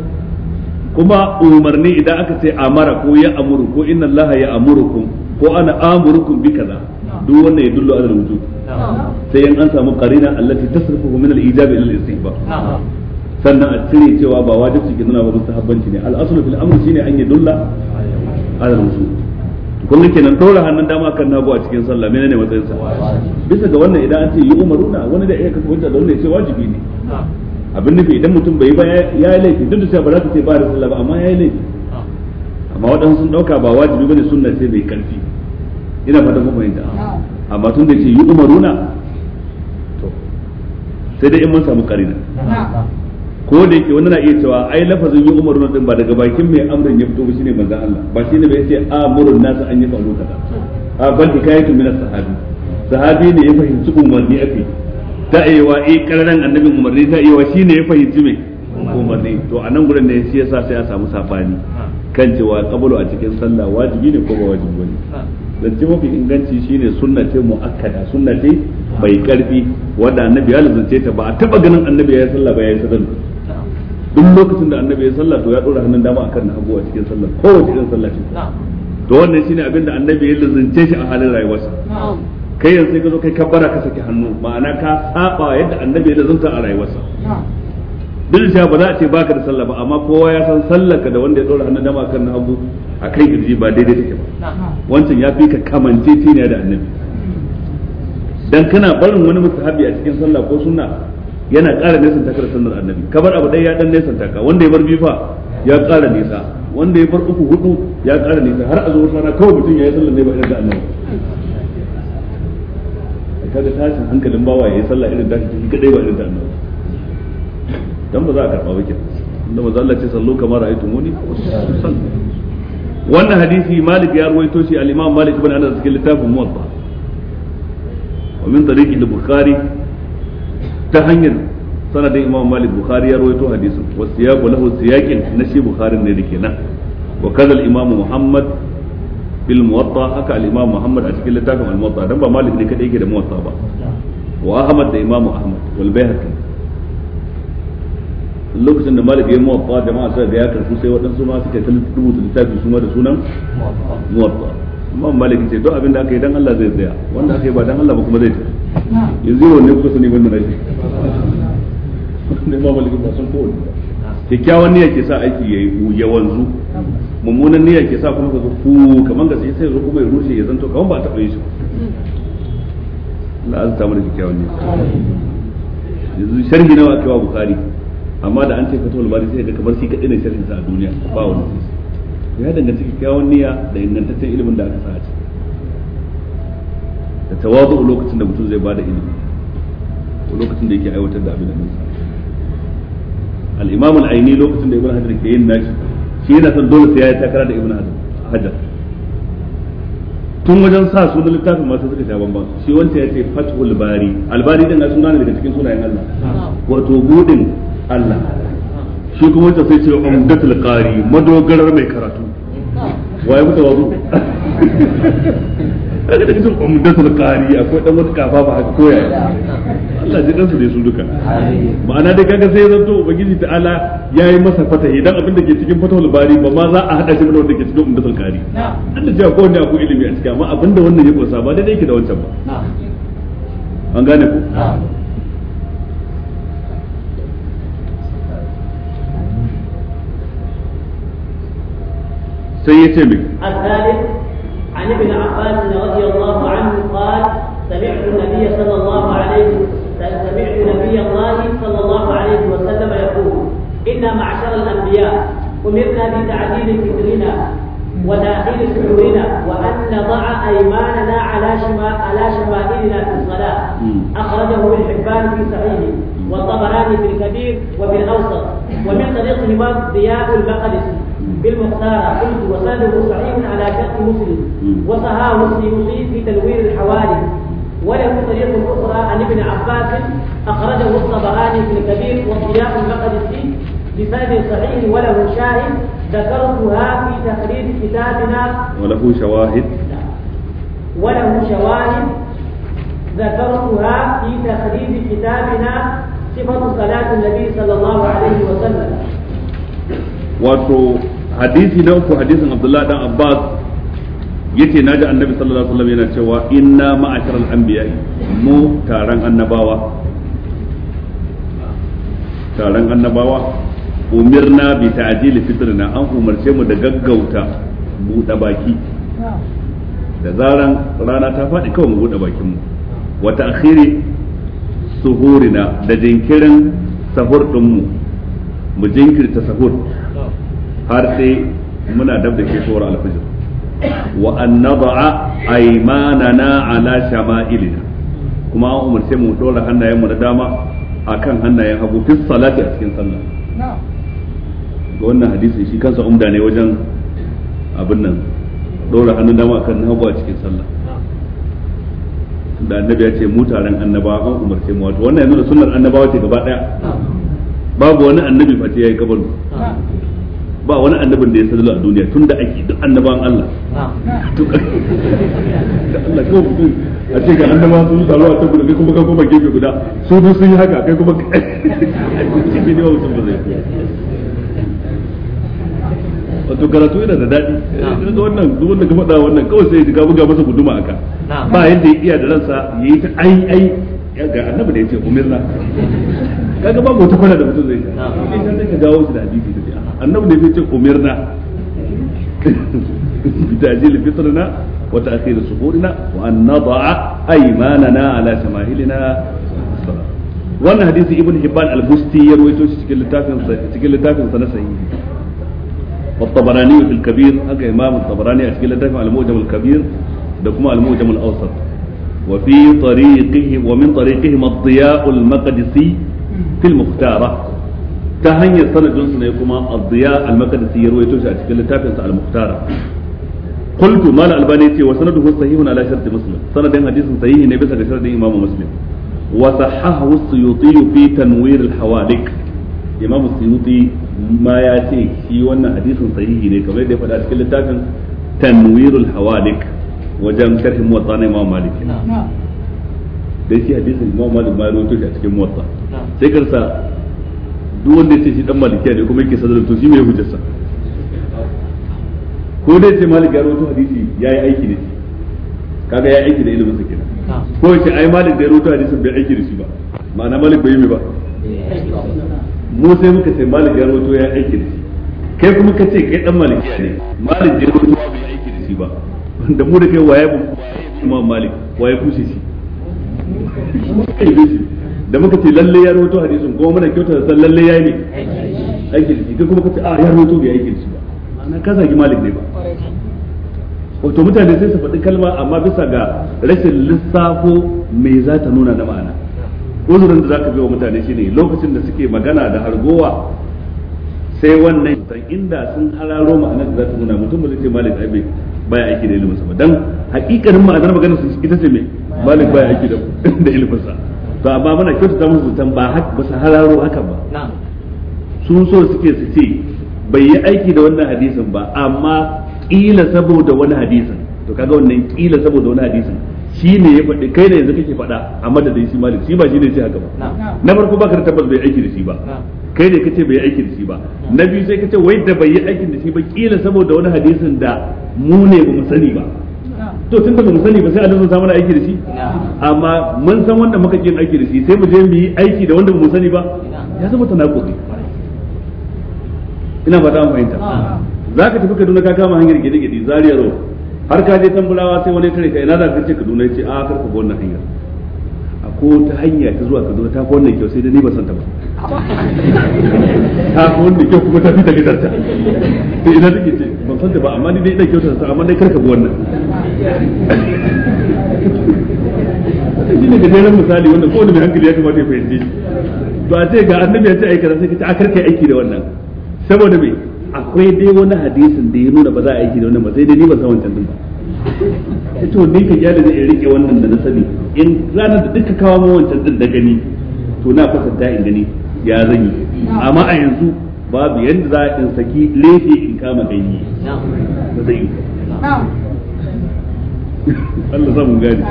kuma umarni idan aka ce amara ko ya amuru ko inna allaha ya amurukum ko ana amurukum bi kaza duk wannan ya dullo ala wujud sai yan an samu qarina allati tasrifu min al-ijab ila al-istihbab sannan a cire cewa ba wajibi ke nuna ba mustahabbanci ne al-aslu fil amr shine an yadulla ala wujud kun da kenan dora hannun dama kan nagu a cikin sallah menene ne matsayinsa bisa ga wannan idan an ce yi umaruna wani da iya kasu wajen da wannan ya ce wajibi ne abin nufi idan mutum bai ba ya yi laifi duk da cewa ba za ta ce ba da sallah ba amma ya yi laifi amma waɗansu sun ɗauka ba wajibi bane sunna ce mai karfi ina fata kuma fahimta amma tun da ce yi umaruna to sai dai in mun samu karina ko da yake wani na iya cewa ai lafazin yi umarun din ba daga bakin mai amrin ya fito ba shine manzon Allah ba shine bai ce amrun nasu an yi faru kaza a bal hikayatu min sahabi sahabi ne ya fahimci umarni akai ta aiwa eh kararan annabin umarni ta aiwa shine ya fahimci me umarni to a nan gurin ne shi yasa sai a samu safani kan cewa kabulu a cikin sallah wajibi ne ko ba wajibi da ce mafi inganci shine sunna ce muakkada sunna ce mai karfi wanda annabi ya lazance ta ba a taba ganin annabi ya sallah ba ya yi sallah duk lokacin da annabi ya sallah to ya dora hannun dama akan na hagu a cikin sallah kowace irin sallah ce to wannan shine abin da annabi ya lizince shi a halin rayuwarsa kai yanzu sai ka zo kai kabbara ka saki hannu ma'ana ka saba yadda annabi ya lizinta a rayuwarsa duk da ba za a ce baka da sallah ba amma kowa ya san sallar ka da wanda ya dora hannun dama akan na hagu a kai kirji ba daidai take ba wancan ya fi ka kamanceceniya da annabi hmm. dan kana barin wani mutahabi a cikin sallah ko sunna yana ƙara nesa ta da sunnar annabi ka bar abu ɗaya ya dan ta ka wanda ya bar biyu fa ya ƙara nisa wanda ya bar uku hudu ya ƙara nisa har a zo sana kawai mutum ya yi sallar ne ba irin da annabi kaga tashin hankalin bawa ya yi sallah irin da shi kadai ba irin da annabi dan ba za a karba ba kenan inda za Allah ce sallu kamar tumuni wannan hadisi Malik ya ruwaito shi al-Imam Malik ibn Anas cikin littafin Muwatta wa min tariqi al-Bukhari ta hanyar sanadin imam malik bukhari ya rawaito hadisin wa siyaqu lahu siyaqin na shi bukhari ne dake nan wa kadal imam muhammad bil muwatta haka al imam muhammad a cikin littafin al muwatta dan ba malik ne kadai yake da muwatta ba wa ahmad da imam ahmad wal bayhaqi lokacin da malik ya muwatta jama'a sai ga ya karfu sai waɗansu ma suka ta rubuta littafi su ma da sunan muwatta imam malik ce don abin da aka yi dan Allah zai tsaya wanda aka yi ba dan Allah ba kuma zai tafi yanzu wanne kuka sani wannan rai ne imam malik ba san kowanne kyakkyawan niyya ke sa aiki ya yi ya wanzu mummunan niyya ke sa kuma ka zo ku kaman ga sai sai zo kuma ya rushe ya zanto kaman ba a taɓa yi shi Allah azza mana kyakkyawan niyya yanzu sharhi nawa aka yi wa bukhari amma da an ce fatawul bari sai ga kamar shi kadai ne sharhin sa a duniya ba wani ya danganci kyakkyawan niyya da ingantaccen ilimin da aka sa a ciki da tawazu lokacin da mutum zai bada ilimi lokacin da yake aiwatar da abin da nan al-imam al-aini lokacin da ibnu hajar ke yin nashi shi yana son dole sai ya takara da ibn hajar tun wajen sa sunan littafin masu suka sha bamban shi wancan ya ce fatul bari albari din ga sunan daga cikin sunayen Allah wato budin Allah shi kuma wata sai ce wa umdatul qari madogarar mai karatu waye mutu wazo kaga da cikin umdatul qari akwai dan wata kafa ba haka koya Allah ji kansu da su duka ma'ana dai kaga sai zanto ubangiji ta'ala yayi masa fata idan abin da ke cikin fatahul bari ba ma za a hada shi da wanda ke cikin umdatul qari an da cewa kowanne akwai ilimi a cikin amma abin da wannan ya kosa ba dai yake da wancan ba an gane ku سيتمي الثالث عن ابن عباس رضي الله عنه قال سمعت النبي صلى الله عليه سمعت نبي الله صلى الله عليه وسلم يقول إنا معشر الأنبياء أمرنا بتعديل فكرنا وتأخير شعورنا وأن نضع أيماننا على على شمائلنا في الصلاة أخرجه ابن حبان في صحيحه والطبراني في الكبير وفي الأوسط ومن طريق هباط ضياء المقدسي بالمختار قلت وسنده صحيح على شرط مسلم وصحاه السيوطي في تنوير الحوادث وله طريق اخرى عن ابن عباس اخرجه الطبراني في الكبير وضياء المقدسي بسند صحيح وله شاهد ذكرتها في تقرير كتابنا وله شواهد وله شواهد ذكرتها في تقرير كتابنا wato hadisi na uku hadisin abdullahi dan abbas yace naji annabi sallallahu alaihi wasallam yana cewa inna ma'asharal anbiya mu taron annabawa taron annabawa umirna bi ta'jili fitrina an umarce mu da gaggauta buɗe baki da zaran rana ta faɗi kawai mu buɗe bakin mu wa ta'khiri suhurina da jinkirin sahur dinmu mu jinkirta sahur har sai muna dab da ke shawar alfajir wa an nada'a aymanana ala shama'ilina kuma an umarce mu dora hannayen mu da dama akan hannayen hagu fi salati a cikin sallah ga wannan hadisi shi kansa umda ne wajen abin nan dora hannun dama akan hagu a cikin sallah da annabi ya ce mutaren annabawa an umarce mu wato wannan yanzu da sunnar annabawa ce gaba daya babu wani annabi ce yayi kabar ba wani annabin da ya sadalo a duniya tun ake duk annabawan Allah Allah ko a ce ga annabawa sun tsaro a tabbata kai kuma ka koma gefe guda su sun yi haka kai kuma kai ne ba mutum ba zai wato karatu yana da daɗi da wannan duk wanda ka faɗa wannan kawai sai ka buga masa guduma aka ba yadda ya iya da ransa ya yi ta ai ai ga annabi da yace umirna kaga babu wata kwana da mutum zai ta sai ka gawo shi da hadisi da annabi da yace umirna بتأجيل فطرنا suhurina wa وأن نضع أيماننا ala samahilina wannan hadisi ibn hibban al-busti ya rawaito shi cikin littafin cikin littafin sa na sahihi والطبراني في الكبير هكا إمام الطبراني أشكال الدفع الموجم الكبير دكما الموجم الأوسط وفي طريقه ومن طريقهم الضياء المقدسي في المختارة تهني سنة جنسنا يكما الضياء المقدسي يروي توشى أشكال الدفع المختارة قلت ما الألباني وسنده صحيح على شرط مسلم سند حديث صحيح نبي شرط إمام مسلم وصححه السيوطي في تنوير الحوالك إمام السيوطي ma ya ce shi wannan hadisin sahihi ne kamar yadda ya faɗa cikin littafin tanwirul hawalik wajen sharhi motsa na imam malik dai shi hadisin imam malik ma rawaito shi a cikin motsa sai karsa duk wanda ya ce shi dan malikiya ne kuma yake sadar to shi mai hujjarsa ko dai ce malik ya rawaito hadisi yi aiki da kaga ya aiki da ilimin sa kenan ko ce ai malik da ya rawaito hadisin bai aiki da shi ba ma'ana malik bai yi ba mu sai muka ce malik ya roto ya aiki da shi kai kuma ka ce kai dan maliki ne malik ya rawaito bai aiki da shi ba da mu da kai waye mu kuma malik waye kushe shi da muka ce lalle ya roto hadisin kuma muna kyauta da san lalle yayi ne aiki da shi kai kuma ka ce a ah, ya roto bai aiki da shi ba ma'ana ka zagi malik ne ba wato mutane sai su faɗi kalma amma bisa ga rashin lissafo me za ta nuna da ma'ana uzurin da zaka biyo mutane shine lokacin da suke magana da hargowa sai wannan san inda sun hararo ma'anar da za ta nuna mutum ba zai ce malik ai baya aiki da ilimin sa ba dan hakikanin ma'anar maganar su ita ce me malik baya aiki da ilimin sa to amma muna kyautata musu zutan ba hak ba su hararo haka ba sun so suke su ce bai yi aiki da wannan hadisin ba amma kila saboda wani hadisin to kaga wannan kila saboda wani hadisin shi ne ya faɗi kai ne yanzu kake faɗa a madadin shi malik shi ba shi ne sai haka ba na farko baka da tabbas bai aiki da shi ba kai ne kace bai aiki da shi ba na biyu sai kace wai da bai yi aikin da shi ba kila saboda wani hadisin da mu ne bamu sani ba to tunda bamu sani ba sai a lissa mana aiki da shi amma mun san wanda muka kin aiki da shi sai mu je mu yi aiki da wanda bamu sani ba ya zama tanakuri ina ba ta fahimta zaka tafi Kaduna ka kama hanyar gidi-gidi Zaria har ka je tambulawa sai wani kare ka ina za ka ce Kaduna yace a kar ka wannan hanyar a ko ta hanya ta zuwa Kaduna ta wannan kyau sai da ni ba san ta ba ta ko wannan kyau kuma ta fi da gidarta to ina take ce ban san ta ba amma ni dai ina kyautar ta amma dai kar ka bi wannan shi ne gajeren misali wanda kowane mai hankali ya kamata ya fahimci ba a ce ga annabi ya ce aikata sai ka ta a karka aiki da wannan saboda me akwai dai wani hadisin da ya nuna ba za a yi da wani ba sai dai ni ba san wancan din ba to ni ka gyara da in rike wannan da na sani in ranar da duka kawo mu wancan din da gani to na kwatanta in gani ya zan yi amma a yanzu babu yadda za in saki lefe in kama gani ba zai yi Allah zan mu gani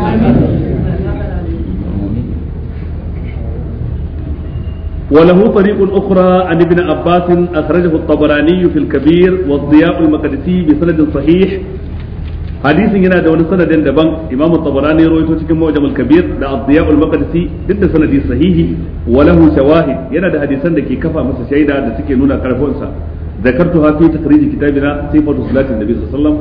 وله طريق أخرى عن ابن عباس أخرجه الطبراني في الكبير والضياء المقدسي بسند صحيح حديث هنا دون سند دبن إمام الطبراني رويته في معجم الكبير دا الضياء المقدسي ضد سند صحيح وله شواهد هنا ده حديثا دكي كفى مسا شهيدا دا سكي نونا كرفونسا ذكرتها في تخريج كتابنا صفة صلاة النبي صلى الله عليه وسلم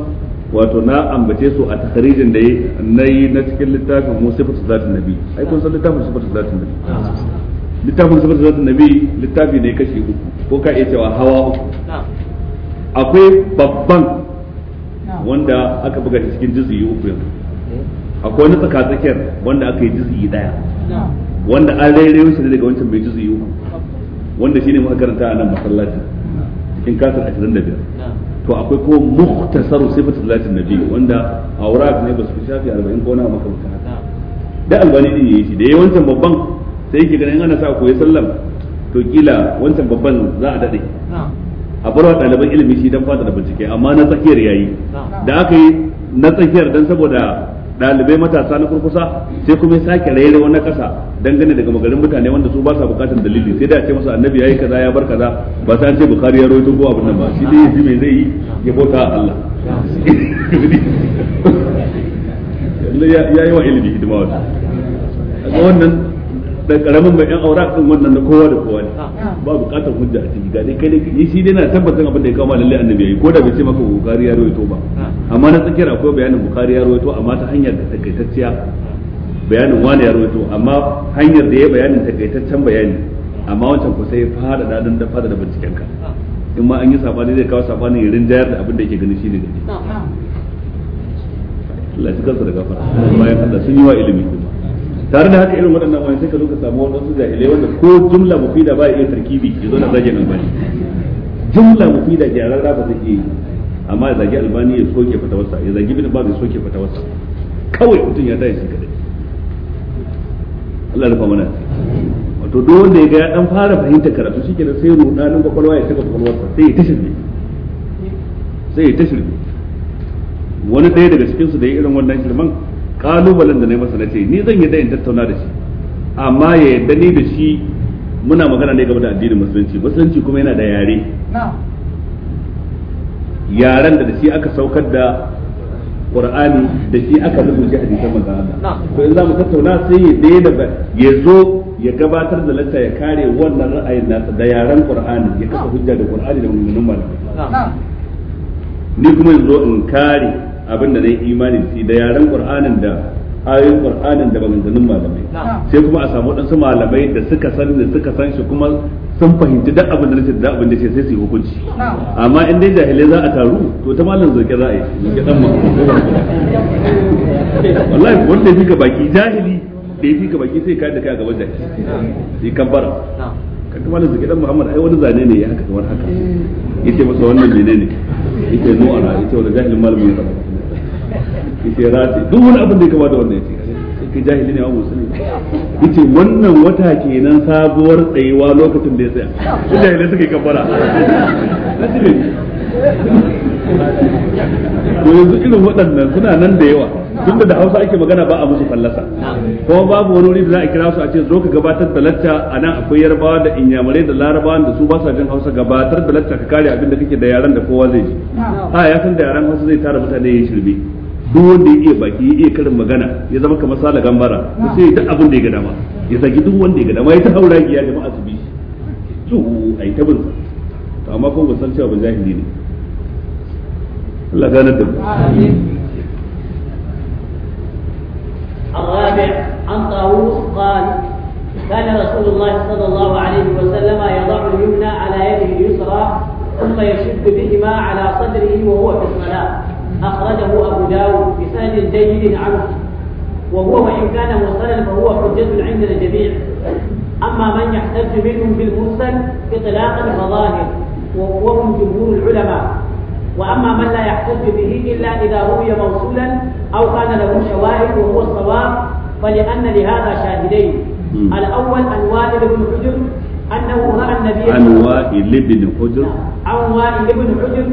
wato na ambace su a takarijin da na yi na cikin littafin mu sifatu zatin nabi ai kun san littafin sifatu zatin nabi littafin sifar sifar nabi littafi ne kashi uku ko ka iya cewa hawa uku akwai babban wanda aka buga shi cikin juz'i uku yanzu eh. akwai wani tsakatsakiyar wanda aka yi juz'i daya wanda an rairayo shi daga wancan mai juz'i uku wanda shine muka karanta a nan masallaci cikin kasar 25 to akwai ko muhtasaru sifatu salatin nabi wanda aurat ne ba su shafi 40 ko na makamta da albani din yayi shi da yawancin babban sai yake ganin ana sa koyi sallan to kila wancan babban za a dade a wa ɗaliban ilimi shi dan fata da bincike amma na tsakiyar yayi da aka yi na tsakiyar dan saboda ɗalibai matasa na kurkusa sai kuma sake rayar wani kasa dangane daga magarin mutane wanda su ba sa bukatar dalili sai da ce masa annabi yayi kaza ya bar kaza ba sai an ce bukari ya rawaito ko abin nan ba shi dai yaji me zai yi ya bauta Allah ya yi wa ilimi hidima wata wannan da karamin mai yan aura kan wannan na kowa da kowa ne ah. ba bukatar hujja a ciki ga dai kai dai shi dai na tabbatar abin da ya kama lalle annabi yayi ko da bai ce maka bukari ya rawaito ba ah. amma na tsakiyar akwai bayanin bukari ya rawaito amma ta hanyar da takaitacciya bayanin wani ya rawaito amma hanyar da ya bayanin takaitaccen bayani amma wancan ku sai fara da dan fara da binciken ka ah. in ma an yi sabani zai kawo sabani rinjayar da abin da yake gani shine da Allah ya kansa da gafara bayan Allah sun yi wa ilimi tare da haka irin waɗannan wani sai ka zo ka samu wadansu jahilai wanda ko jumla mufida ba iya tarkibi ya zo na zage albani jumla mufida gyaran ba zai iya yi amma ya zage albani ya soke fatawarsa ya zage bin ba ya soke fatawarsa kawai mutum ya tashi kadai Allah rufa mana wato duk wanda ya ga ya dan fara fahimta karatu shikenan sai rudanin kwakwalwa ya saka kwakwalwarsa sai ya tashi sai ya tashi wani ɗaya daga cikinsu da ya irin wannan shirman kalubalen da na yi masa na ce ni zan yi in tattauna da shi amma ya yadda ni da shi muna magana ne game da addinin musulunci musulunci kuma yana da yare yaren da da shi aka saukar da qur'ani da shi aka rubuta hadisan manzon Allah to in za mu tattauna sai ya daina ya zo ya gabatar da latta ya kare wannan ra'ayin nasa da yaren qur'ani ya kafa hujja da qur'ani da maganganun malamai ni kuma yanzu in kare abin da zai imani shi da yaren qur'anin da ayoyin qur'anin da maganganun malamai sai kuma a samu wadansu malamai da suka san da suka san shi kuma sun fahimci duk abin da nake da abin da ce sai su yi hukunci amma in dai jahilai za a taru to ta malam zoke za a yi zoke dan ma wallahi wanda ya fika baki jahili da ya fika baki sai ka da kai a gaban jahili sai kabbara kaga mallan zoke dan Muhammad ai wani zane ne ya haka kamar haka yace masa wannan menene yace nu'ara yace wani jahilin malamin ya yace rati duk wani abin da ya kama da wannan yace sai kai jahili ne a musulmi yace wannan wata kenan sabuwar tsayuwa lokacin da ya tsaya su jahilai suka yi kafara to yanzu irin waɗannan suna nan da yawa tun da hausa ake magana ba a musu fallasa kuma babu wani wuri da za a kira su a ce zo ka gabatar da lacca a nan akwai yarbawa da inyamurai da larabawa da su ba sa jin hausa gabatar da lacca ka kare abin da kake da yaran da kowa zai ji a ya san da yaran hausa zai tara mutane ya shirme duk wanda ya iya baki ya iya karin magana ya zama kamar sala gambara to sai duk abin da ya ga dama ya zagi duk wanda ya ga dama ya ta haura ya jama'a su bi to ai ta bin to amma ko ba san cewa ba jahili ne Allah gane da mu الرابع عن طاووس قال كان رسول الله صلى الله عليه وسلم يضع اليمنى على يده اليسرى ثم يشد بهما على صدره وهو في الصلاه أخرجه أبو داود بسند جيد عنه وهو وإن كان مرسلا فهو حجة عند الجميع أما من يحتج منهم بالمرسل إطلاقا فظاهر وهم جمهور العلماء وأما من لا يحتج به إلا إذا روي موصولا أو كان له شواهد وهو الصواب فلأن لهذا شاهدين الأول أن والد بن حجر أنه رأى النبي عن وائل بن حجر عن وائل بن حجر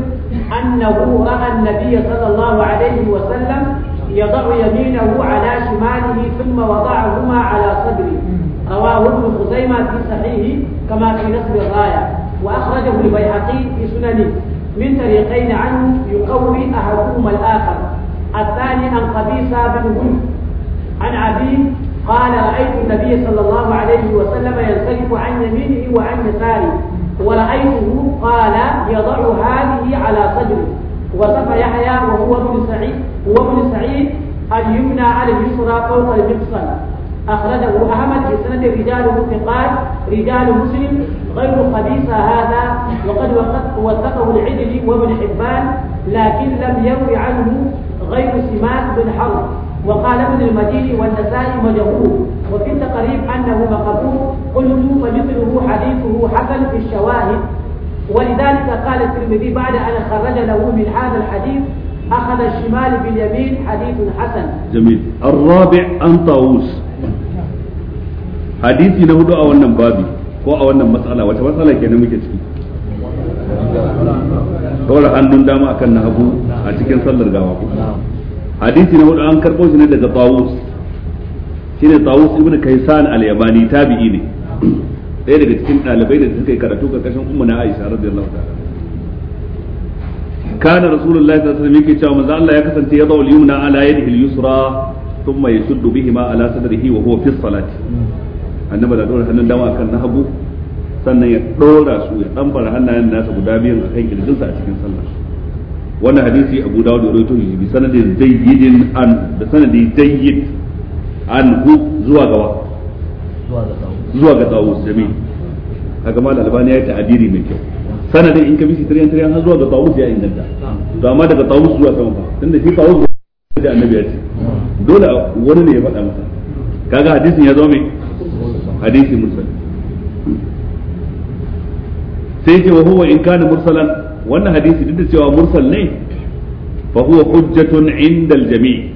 أنه رأى النبي صلى الله عليه وسلم يضع يمينه على شماله ثم وضعهما على صدره رواه ابن خزيمة في صحيحه كما في نصب الراية وأخرجه البيهقي في سننه من طريقين عنه يقوي أحدهما الآخر الثاني عن قبيصة بن هند عن عبيد قال رأيت النبي صلى الله عليه وسلم ينسلف عن يمينه وعن يساره ورأيته قال يضع هذه على صدره وصف يحيى وهو ابن سعيد هو ابن سعيد اليمنى على اليسرى فوق المفصل أخرجه أحمد بسند رجاله ثقات رجال مسلم غير خبيث هذا وقد وثقه العدلي وابن حبان لكن لم يروي عنه غير سماك بن حرب وقال ابن المديني والنسائي مجهول وفي التقريب انه مقبول قلت فمثله حديثه حسن في الشواهد ولذلك قال الترمذي بعد ان خرج له من هذا الحديث اخذ الشمال باليمين حديث حسن. جميل الرابع عن طاووس hadisi له دعاء a ko a wannan matsala wata matsala kenan muke ciki dole hannun dama akan na hagu a cikin sallar gawa hadisi na hudu an karɓo shi ne daga tawus shine tawus ibnu kaisan al-yamani tabi'i ne ɗaya daga cikin ɗalibai da suka yi karatu karkashin ummu na Aisha radiyallahu ta'ala kana rasulullahi sallallahu alaihi wasallam yake cewa manzo Allah ya kasance ya zawul yumna ala yadihi al-yusra thumma yashuddu bihima ala sadrihi wa huwa fi salati annabi da dora hannun dama kan hagu sannan ya dora su ya dambara hannayen nasa guda biyan akan kirjinsa a cikin sallah wannan hadisi abu dawud ya rawaito bi sanadin jayyidin an da sanadin jayyid an hu zuwa gawa zuwa ga dawud jami kaga mal albani ya ta'abiri mai kyau sanadin in ka bi shi tariyan tariyan har zuwa ga dawud ya inganta to amma daga dawud zuwa sama ba tunda shi dawud da annabi ya ce dole wani ne ya faɗa masa kaga hadisin ya zo mai hadisi mursal sai ce wa huwa in kana mursalan wannan hadisi duk da cewa mursal ne fa huwa hujjatun inda al-jami'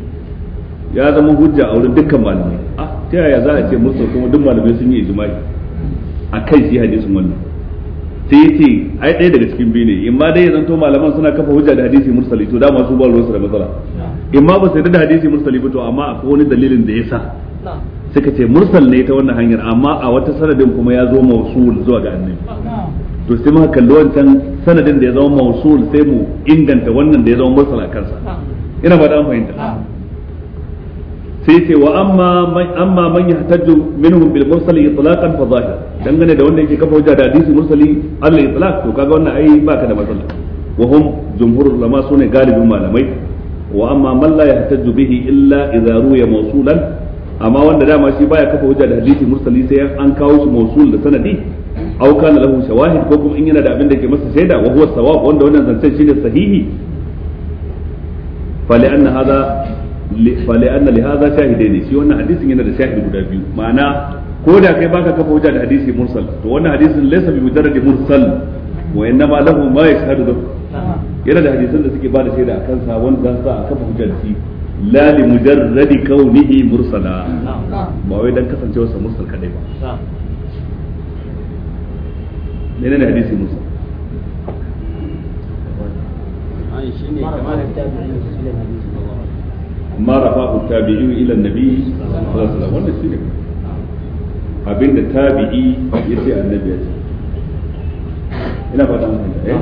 ya zama hujja a wurin dukkan malamai ah ta yaya za a ce mursal kuma duk malamai sun yi ijma'i kai shi hadisin wannan sai yace ai ɗaya daga cikin biyu ne in ma dai zanto malaman suna kafa hujja da hadisi mursali to dama su ba ruwansu da matsala in ma ba su yarda da hadisi mursali ba to amma akwai wani dalilin da yasa suka ce mursal ne ta wannan hanyar amma a wata sanadin kuma ya zo mausul zuwa ga annabi to sai muka kalli wancan sanadin da ya zama mausul sai mu inganta wannan da ya zama mursal a kansa ina ba da an fahimta sai ce wa amma man amma man yahtajju minhum bil mursali itlaqan fa zahir dangane da wanda yake kafa hujja da hadisi mursali Allah itlaq to kaga wannan ai baka da matsala wa hum jumhurul ulama sune galibin malamai wa amma man la yahtajju bihi illa idza ruya mawsulan amma wanda dama shi baya kafa hujja da hadisi mursali sai an kawo shi mawsul da sanadi aw kana lahu shawahid ko kuma in yana da abin da ke masa shaida wa huwa sawab wanda wannan zancen shine sahihi fa anna hadha fa li'anna li hadha shahidaini shi wannan hadisin yana da shahidi guda biyu ma'ana ko da kai baka kafa hujja da hadisi mursal to wannan hadisin laysa bi mujarrad mursal wa innama lahu ma yashhadu lahu yana da hadisan da suke bada shaida akan sa wanda za a kafa hujjar shi la li mujarrad kaunihi mursala ba wai dan kasancewarsa mursal kadai ba menene hadisi musa ma rafa'u tabi'u ila annabi sallallahu alaihi wasallam wannan shine abinda tabi'i yace annabi ya ce ina fata mun fahimta eh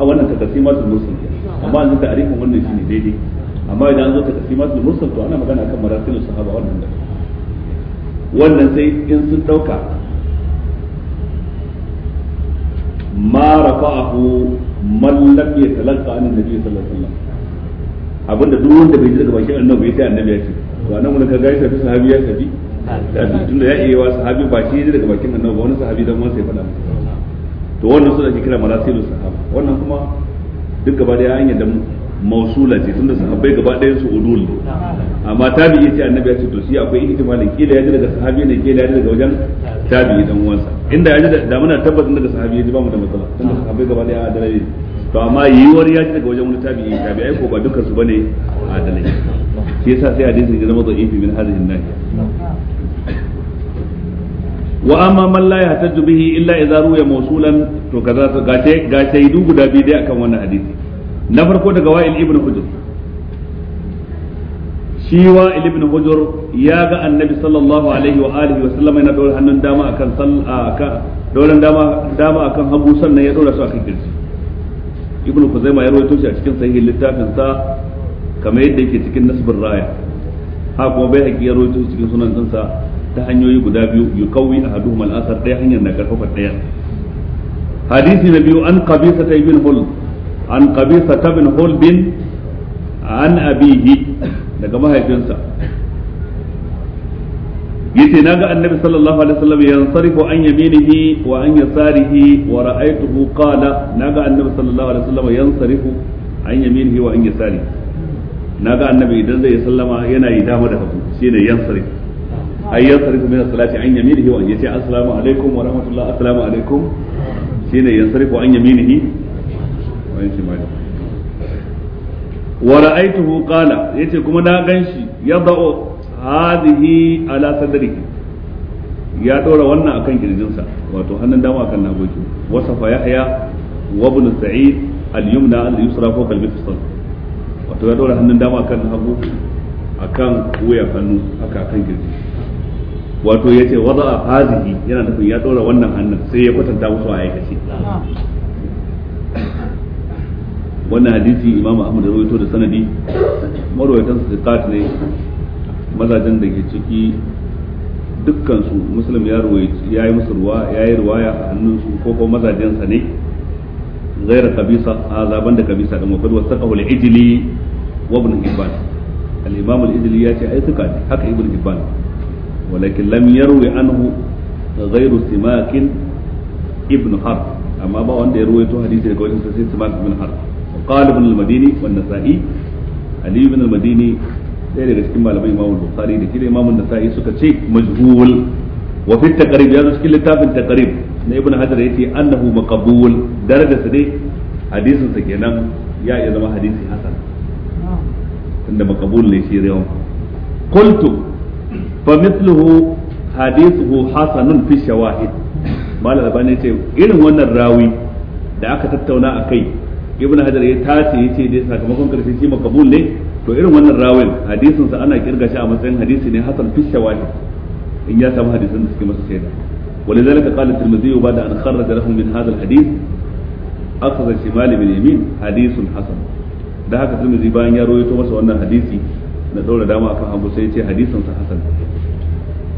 a wannan takasimatul musul amma an ta arifin wannan shine daidai amma idan an zo taqsimatul musul to ana magana kan marasilin sahaba wannan da wannan sai in sun dauka ma rafa'ahu man lam yatalaqa an nabi sallallahu alaihi wasallam abinda duk wanda bai ji daga bakin annabi sai annabi ya ce to anan mun ka gaisa da sahabi ya shafi tunda ya yi wa sahabi ba shi daga bakin annabi ba wani sahabi dan wani sai faɗa to wannan suna ake kira marasilin sahaba wannan kuma duk gaba da an yadda mausula ce tunda sahabbai gaba ɗayan su udul ne amma ya ce annabi ya ce to shi akwai ihtimalin kila ya ji daga sahabi ne kila ya ji daga wajen tabi'i dan uwansa inda ya ji da muna tabbatar daga sahabi ya ji ba mu da matsala tunda sahabbai gaba ɗaya adalai to amma yiwuwar ya ji daga wajen wani tabi'i ai ko ba dukkan su bane adalai shi yasa sai hadisin ya zama da'ifi min hadhihi nahiya wa amma man la yahtaju bihi illa idza ruya mausulan to kaza ga shaidu guda biyu dai akan wannan hadisi na farko daga wa'il ibn hujr shi wa'il ibn hujr ya ga annabi sallallahu alaihi wa alihi wa sallama yana dora hannun dama akan sallah dolan dama dama akan hagu sannan ya dora su akan kirji ibn kuzaima ya rawaito shi a cikin sahihin littafin sa kamar yadda yake cikin nasbur raya ha kuma bai haƙi ya rawaito shi cikin sunan dinsa ta hanyoyi guda biyu yukawi ahaduhum al-athar daya hanyar na karfafa daya hadisi na biyu an qabisa ta ibn hulm an qabisa bin hulbin an abihi an yaminihi yi dama da wani shimali wa ra'aituhu qala yace kuma na ganshi ya da'u hadhihi ala sadrihi ya dora wannan akan kirjinsa wato hannun dama akan nagoji wasafa yahya wa ibn sa'id al-yumna al-yusra fawqa al-mifsal wato ya dora hannun dama akan hagu akan wuyan hannu haka akan girji wato yace ce wada a hazihi yana nufin ya dora wannan hannun sai ya kwatanta musu a aikace wannan hadisi imamu ahmad rawaito da sanadi marwayatan su sikat ne mazajen da ke ciki dukkan su muslim ya yi musu ruwa ya yi ruwaya a hannun su ko ko mazajen sa ne غير قبيصة هذا بند قبيصة كما قد وثقه العجلي al حبان ya ce ياتي أي ثقة haka ibn حبان walakin لم يروي عنه غير سماك ibn حرب amma ba wanda ya ruwaito hadisi daga wajen sai Simak bin Harb qala ibn al-madini wa an al-madini sai daga cikin malamai imam bukhari da kire imam an-nasa'i suka ce majhul wa fi taqrib ya cikin littafin taqrib na ibn hajar yace annahu maqbul daraja sa dai hadisin sa kenan ya zama hadisi hasan tunda maqbul hasanun fi ce irin wannan rawi da aka tattauna a kai. ibn hajar ya tace yace dai sakamakon karshe shi makabul ne to irin wannan rawin hadisin sa ana kirga shi a matsayin hadisi ne hasan fi shawahid in ya samu hadisin da suke masa shaida ولذلك قال الترمذي بعد أن خرج له من هذا الحديث أخذ الشمال باليمين حديث حسن da haka turmizi bayan ya rawaito masa wannan hadisi na daura dama akan abu sai ce hadisin sa hasan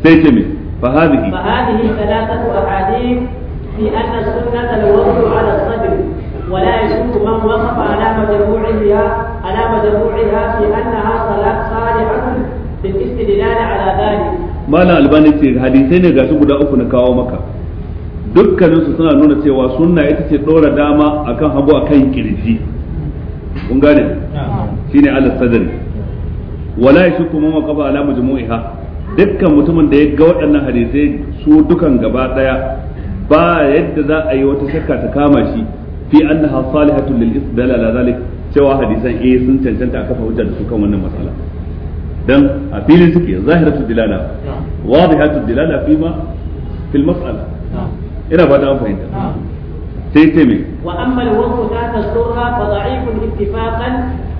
sai ce me fa hadhihi fa hadhihi thalathatu ahadith fi anna sunnata al-wudu ala sadr ولا يسوء من وقف على مجموعها على مجموعها في انها صلاه صالحه بالاستدلال على ذلك مالا الباني ce hadisai ne gashi guda uku مكا dukkanin su suna nuna cewa sunna ita ce dora dama akan hagu akan kirji kun gane shine ala sadri wala yashku man waqafa ala majmu'iha dukkan mutumin da ya ga waɗannan hadisai su dukan gaba daya ba yadda za a yi wata shakka ta kama shi fi annaha salihatun lil istidlal ala zalik cewa hadisan eh sun cancanta a kafa hujja da su kan wannan masala dan a filin suke zahiratu dilala wadihatu dilala fi ma fil mas'ala ina ba da fahimta sai ce me wa amma al waqtu ta tasurra fa da'ifun ittifaqan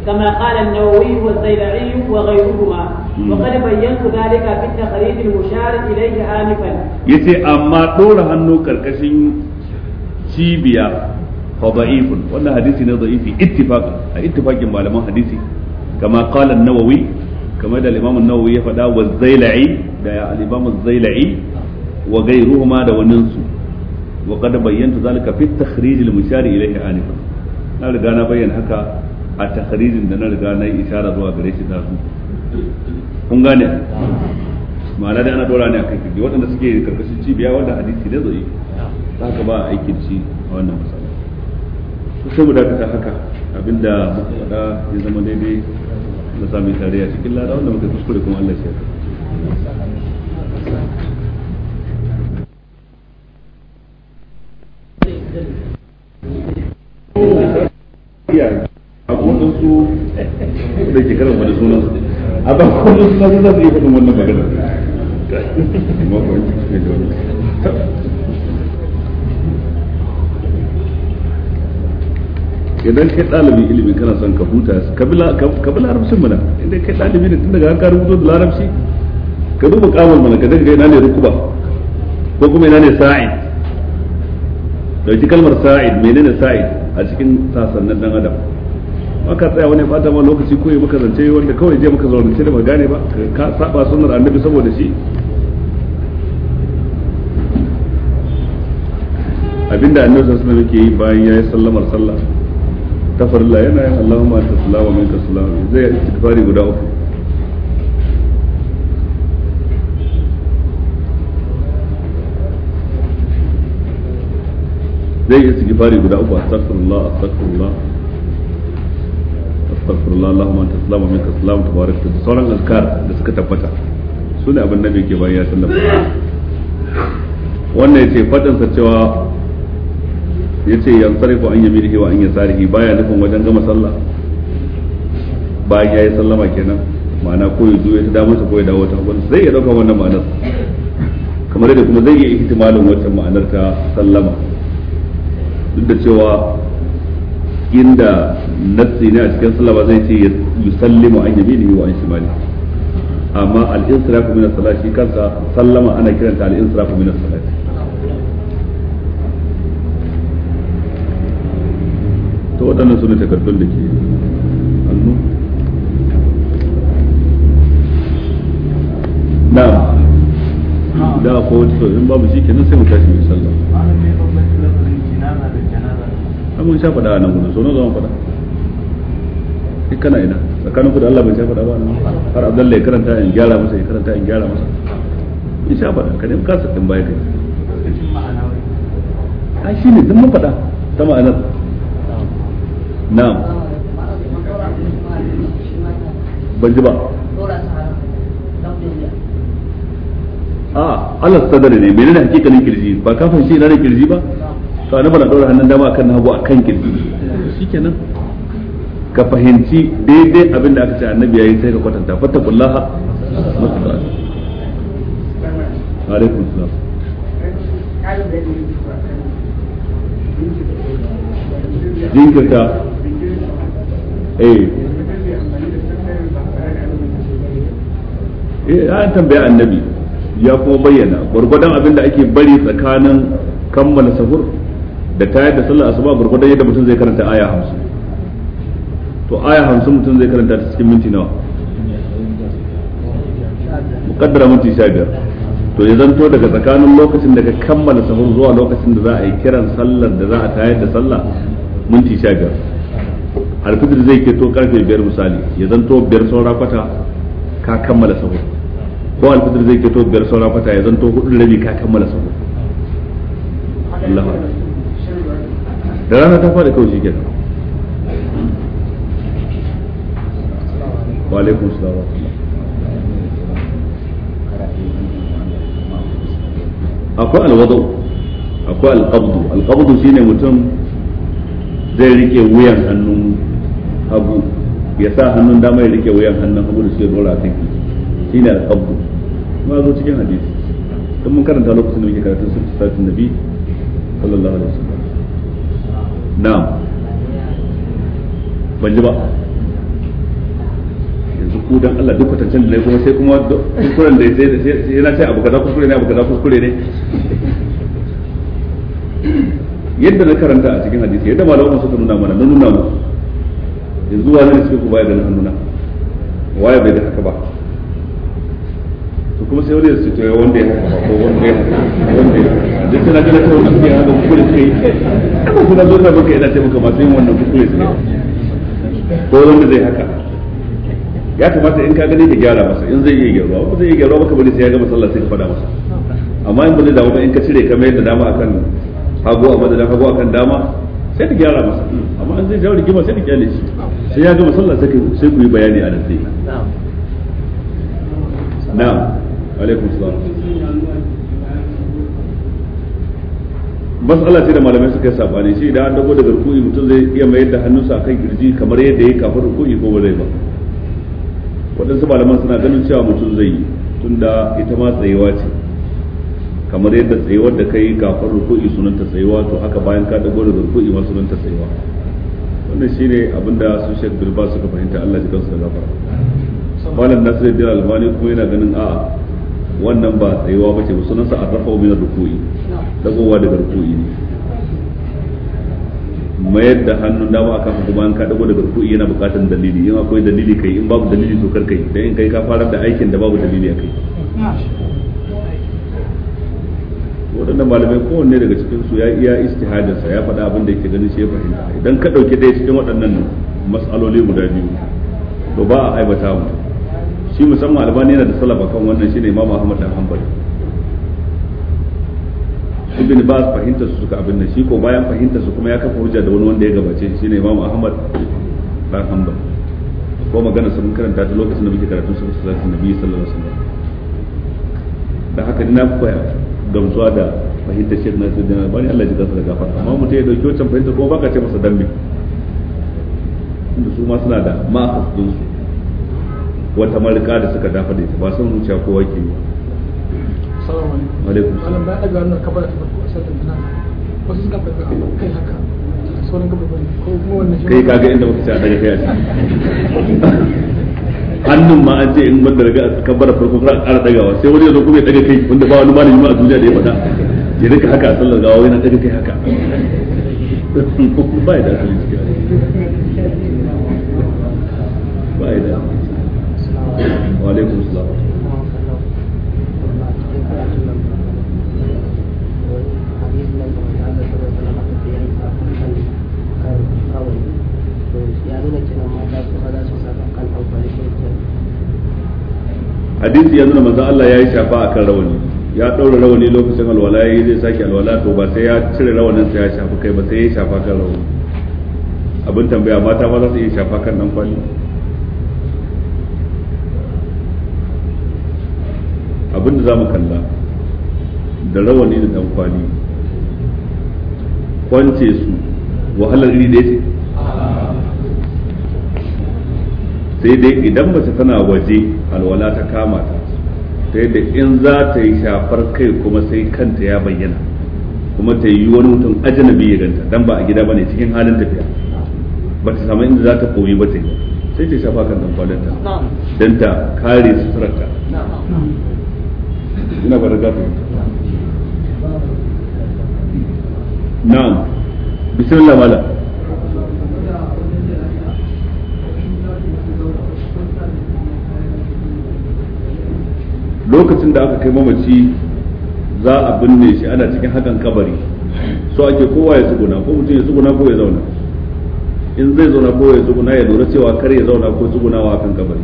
كما قال النووي والزيلعي وغيرهما وقد بينت ذلك في التقريب المشار اليه انفا يتي اما دور هنو كركشين cibiya fa da'ifun wannan hadisi ne da'ifi ittifaqan a ittifaqin malaman hadisi kama qala nawawi kama da al nawawi ya faɗa wa zailai da al-imam az-zailai wa ghayruhuma da wannan su wa qad bayyanta zalika fi at-takhrij al-mushar anifa na riga bayyana haka a na riga yi zuwa gare shi kun gane ma'ana da ana dora ne akan kirji waɗanda suke karkashin cibiya wanda hadisi da zai ta haka ba a ci a wannan misali sai mu dakata haka abinda muka faɗa ya zama daidai na sami tarayya cikin lada wanda muka kuskure kuma Allah ya da a kuma idan kai ɗalibin ilimi kana son ka huta ka bi larabcin mana idan kai ɗalibi ne tun daga har ka rubuto da larabci ka duba kamar mana ka daga ina ne rukuba ko kuma ina ne sa'id dauki kalmar sa'id menene sa'id a cikin sasannin dan adam maka tsaya wani fata ma lokaci ko ya maka zance wanda kawai je maka zaune da ba gane ba ka saba sunnar annabi saboda shi abinda annabi sallallahu alaihi wasallam yake yi bayan yayi sallamar sallah tafarilla yana yin Allahumma ta salama min ka salama zai yi istighfari guda uku zai yi istighfari guda uku astaghfirullah astaghfirullah astaghfirullah Allahumma ta salama min ka salama tabarak da sauran azkar da suka tabbata su ne abin nabi ke bayan ya sallama wannan ya ce fadansa cewa yan yansarifu an yaminihi wa an yasarihi baya nufin wajen gama sallah bayan yi sallama kenan ma'ana ko ya juya ta damarsa ko ya dawo ta hagun zai iya dauka wannan ma'anar kamar yadda kuma zai iya ihtimalin wancan ma'anar ta sallama duk da cewa inda nassi ne a cikin sallama zai ce ya yusallimu an yaminihi wa an shimali amma al-insirafu min as-salati kansa sallama ana kiranta al-insirafu min as-salati waɗannan su ne takardun da ke hannu na da ko sau in babu shi kenan sai mu tashi mu sallah mun sha faɗa a nan gudun so zama faɗa duk kana ina tsakanin ku da Allah bai sha faɗa ba nan har abdalla ya karanta in gyara masa ya karanta in gyara masa in sha faɗa ka nemi kasa ɗin baya kai a shi ne duk mun faɗa ta ma'anar na'am ban ji ba a Allah sadar ne menene hakikalin kirji ba ka fahimci ina da kirji ba to annabi na daura hannun dama akan hagu akan kirji ka fahimci daidai abin da aka ce annabi yayi sai ka kwatanta fattakullaha mustaqbal jinkirta eh eh an tambaya annabi ya kuma bayyana gurgudan abin da ake bari tsakanin kammala sahur da tayar da sallar asuba gurgudan yadda mutum zai karanta aya hamsin to aya hamsin mutum zai karanta ta cikin minti nawa mukaddara minti sha biyar to ya zanto daga tsakanin lokacin da ka kammala sahur zuwa lokacin da za a yi kiran sallar da za a tayar da sallah minti sha biyar alfitir zai keto karfe biyar misali ya zanto biyar saura kwata ka kammala sahur ko alfitir zai keto biyar saura kwata ya zanto hudu rabi ka kammala sahur Allah da rana ta fada kawai shikenan wa alaikum salam akwai alwado akwai alkabdu alqabdu shine mutum zai rike wuyan hannun hagu ya sa hannun dama ya rike wuyan hannun hagu da suke dora kan shi ne alƙabdu ma zo cikin hadisi dan mun karanta lokacin da muke karatun sunna satin nabi sallallahu alaihi wasallam na'am ban ji ba yanzu ku dan Allah duk kwatancin da ne kuma sai kuma kuskuren da sai sai yana ce abu kaza kuskure ne abu kaza kuskure ne yadda na karanta a cikin hadisi yadda malaman suka nuna mana na nuna mana yanzu wani ne suke ku baya ganin hannuna waye bai da haka ba to kuma sai wani ya ce to ya wanda ya haka ba ko wanda ya haka wanda ya haka duk tana gina kawai da ya haka kuskure suke yi kuma kuna zo ta baka yana taimaka masu yin wannan kuskure suke ko wanda zai haka ya kamata in ka gani ka gyara masa in zai iya gyaruwa ko zai iya gyaruwa baka bari sai ya gama sallah sai ka faɗa masa amma in ba zai damu ba in ka cire ka mayar da dama akan hagu a madadin hagu akan dama sai ta gyara masa amma an zai jawo rigima sai ta gyara shi sai ya gama sallah sai sai ku yi bayani a nan na. na'am alaikum salam mas'ala ce da malamai suka yi sabani shi idan an dago daga rukuni mutum zai iya mayar da hannunsa kan kirji kamar yadda ya kafin rukuni ko ba zai ba waɗansu malaman suna ganin cewa mutum zai yi tunda ita ma tsayewa ce kamar yadda tsayuwar da kai kafin ruku'i sunanta tsayuwa to haka bayan ka dago da ruku'i ma sunanta tsayuwa wannan shine da su shek Bilba suka fahimta Allah ya kansu da gafara Malam Nasiruddin Albani kuma yana ganin a'a wannan ba tsayuwa bace ba sa arrafa min ruku'i dagowa daga ruku'i ne mayar da hannun dama akan hagu bayan ka dago daga ruku'i yana bukatar dalili in akwai dalili kai in babu dalili to kar kai dan in kai ka fara da aikin da babu dalili a kai waɗannan malamai kowanne daga cikin su ya iya istihadarsa ya faɗa abin da yake ganin shi ya fahimta idan ka ɗauki ɗaya cikin waɗannan matsaloli guda biyu to ba a aibata mu shi musamman albani yana da salaba kan wannan shine imamu ahmad dan hanbali ibn bas fahimtar su suka abin nan shi ko bayan fahimtar su kuma ya kafa hujja da wani wanda ya gabace shine imamu ahmad dan hanbali ko magana sun karanta ta lokacin da muke karatu su sallallahu alaihi wasallam da haka ni na gamsuwa da fahimtar shirin na sirrin albani Allah ya ji kansa da gafara amma mutum ya dauki wancan fahimtar ko baka ce masa dambe inda su ma suna da ma'akas su wata marika da suka dafa da ita ba san zuciya kowa wake ba alaikum bayan aga wannan farko a kai haka sauran inda muka a daga kai a hannun ma an ce in banda daga kabbara farko kuma ƙara dagawa sai wani yanzu kuma ya daga kai wanda ba wani malami ma a duniya da ya faɗa ya rika haka a sallar gawa yana daga kai haka ba ya da asali ba ya da wa alaikum salam hadisi ya nuna manzo Allah ya yi shafa akan rawani ya ɗaura rawani lokacin alwala ya yi zai sake alwala to ba sai ya cire rawanin sa ya shafa kai ba sai ya shafa kan rawani abin tambaya mata ba za su yi shafa kan nan kwali abin da za mu kalla da rawani da dan kwali kwance su wahalar iri da ya ce sai dai idan mace tana waje alwala ta kama ta sai dai in za ta yi shafar kai kuma sai kanta ya bayyana kuma ta yi wani mutum ajanabi ya ganta dan ba a gida bane cikin halin tafiya ba ta samu inda za ta koyi ba ta yi sai ta shafa kan dankwalin ta ta kare suturarta ina ba riga na'am bismillah malam lokacin da aka kai mamaci za a binne shi ana cikin hakan kabari so ake kowa ya tsuguna ko mutum ya tsuguna ko ya zauna in zai zauna ko ya tsuguna ya lura cewa kar ya zauna ko wa kan kabari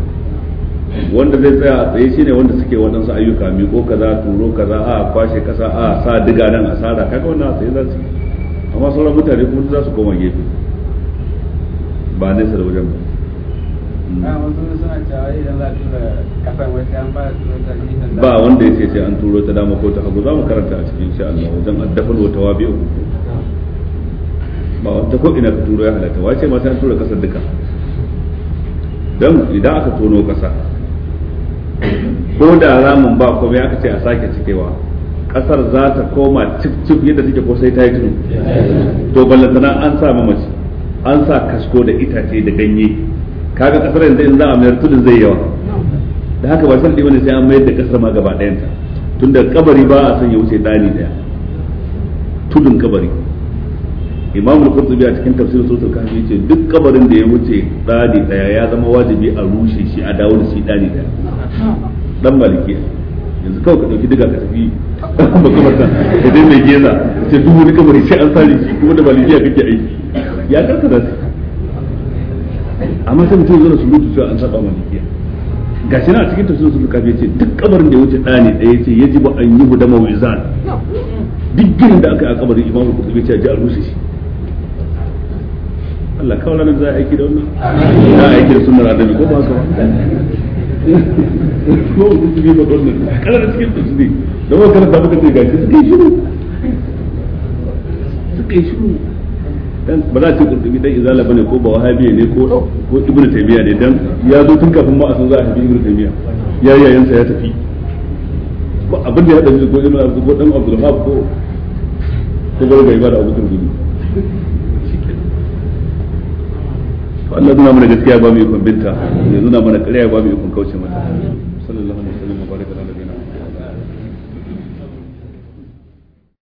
wanda zai tsaya a tsaye shine wanda suke waɗansu ayyuka miƙo kaza turo kaza a kwashe kasa a sa diga nan a sara kaga wannan a tsaye za su amma sauran mutane kuma za su koma gefe ba nesa da wajen ba Ah, ba wanda ya ce sai an turo ta dama ko ta hagu za mu karanta a cikin sha Allah wajen addafal wa tawabi'u ba wata ko ina ka turo ya halatta wace ma sai an turo kasar duka dan idan aka tono kasa ko da ramin ba komai aka ce a sake cikewa kasar za ta koma cif cif yadda take ko sai ta yi tunu to ballantana an sa mamaci an sa kasko da itace da ganye kaga kasar yanzu in za a mayar tudun zai yawa da haka ba sharadi bane sai an mayar da kasar ma gaba ɗayanta ta tunda kabari ba a son ya wuce ɗani daya tudun kabari imam al-qurtubi a cikin tafsirin suratul kahfi yace duk kabarin da ya wuce ɗani daya ya zama wajibi a rushe shi a dawo da shi ɗani daya dan malikiya yanzu kawai ka ɗauki diga ka tafi kuma kamar ta ka dai mai geza ce duk wani kabari sai an sare shi kuma da malikiya kake aiki ya karkata amma sai mutum yana surutu sai an saba malikiya gashi na a cikin tafsirin sulka ya ce duk kabarin da ya wuce ɗani ɗaya ce ba an yi hudama wa izan duk ginin da aka yi a kabarin imamu kutubi ce a ji a rushe shi Allah kawai ranar za a aiki da wannan za a aiki da sunan annabi ko ba haka ba ko kutubi ba nan. kala da cikin tafsiri da wani karanta muka ce gashi suka yi shiru suka yi shiru dan ba za ce kurtubi dan izala bane ko ba wahabiya ne ko ko ibnu taymiya ne dan ya zo tun kafin ma a san za a ibnu taymiya ya yayin ya tafi ba abin da ya dace ko ibnu abdul ko dan abdul hab ko ko ga ga ibada abu turgudi to Allah nuna mana gaskiya ba mu yi kun binta ya nuna mana ƙarya ba mu yi kun kauce mata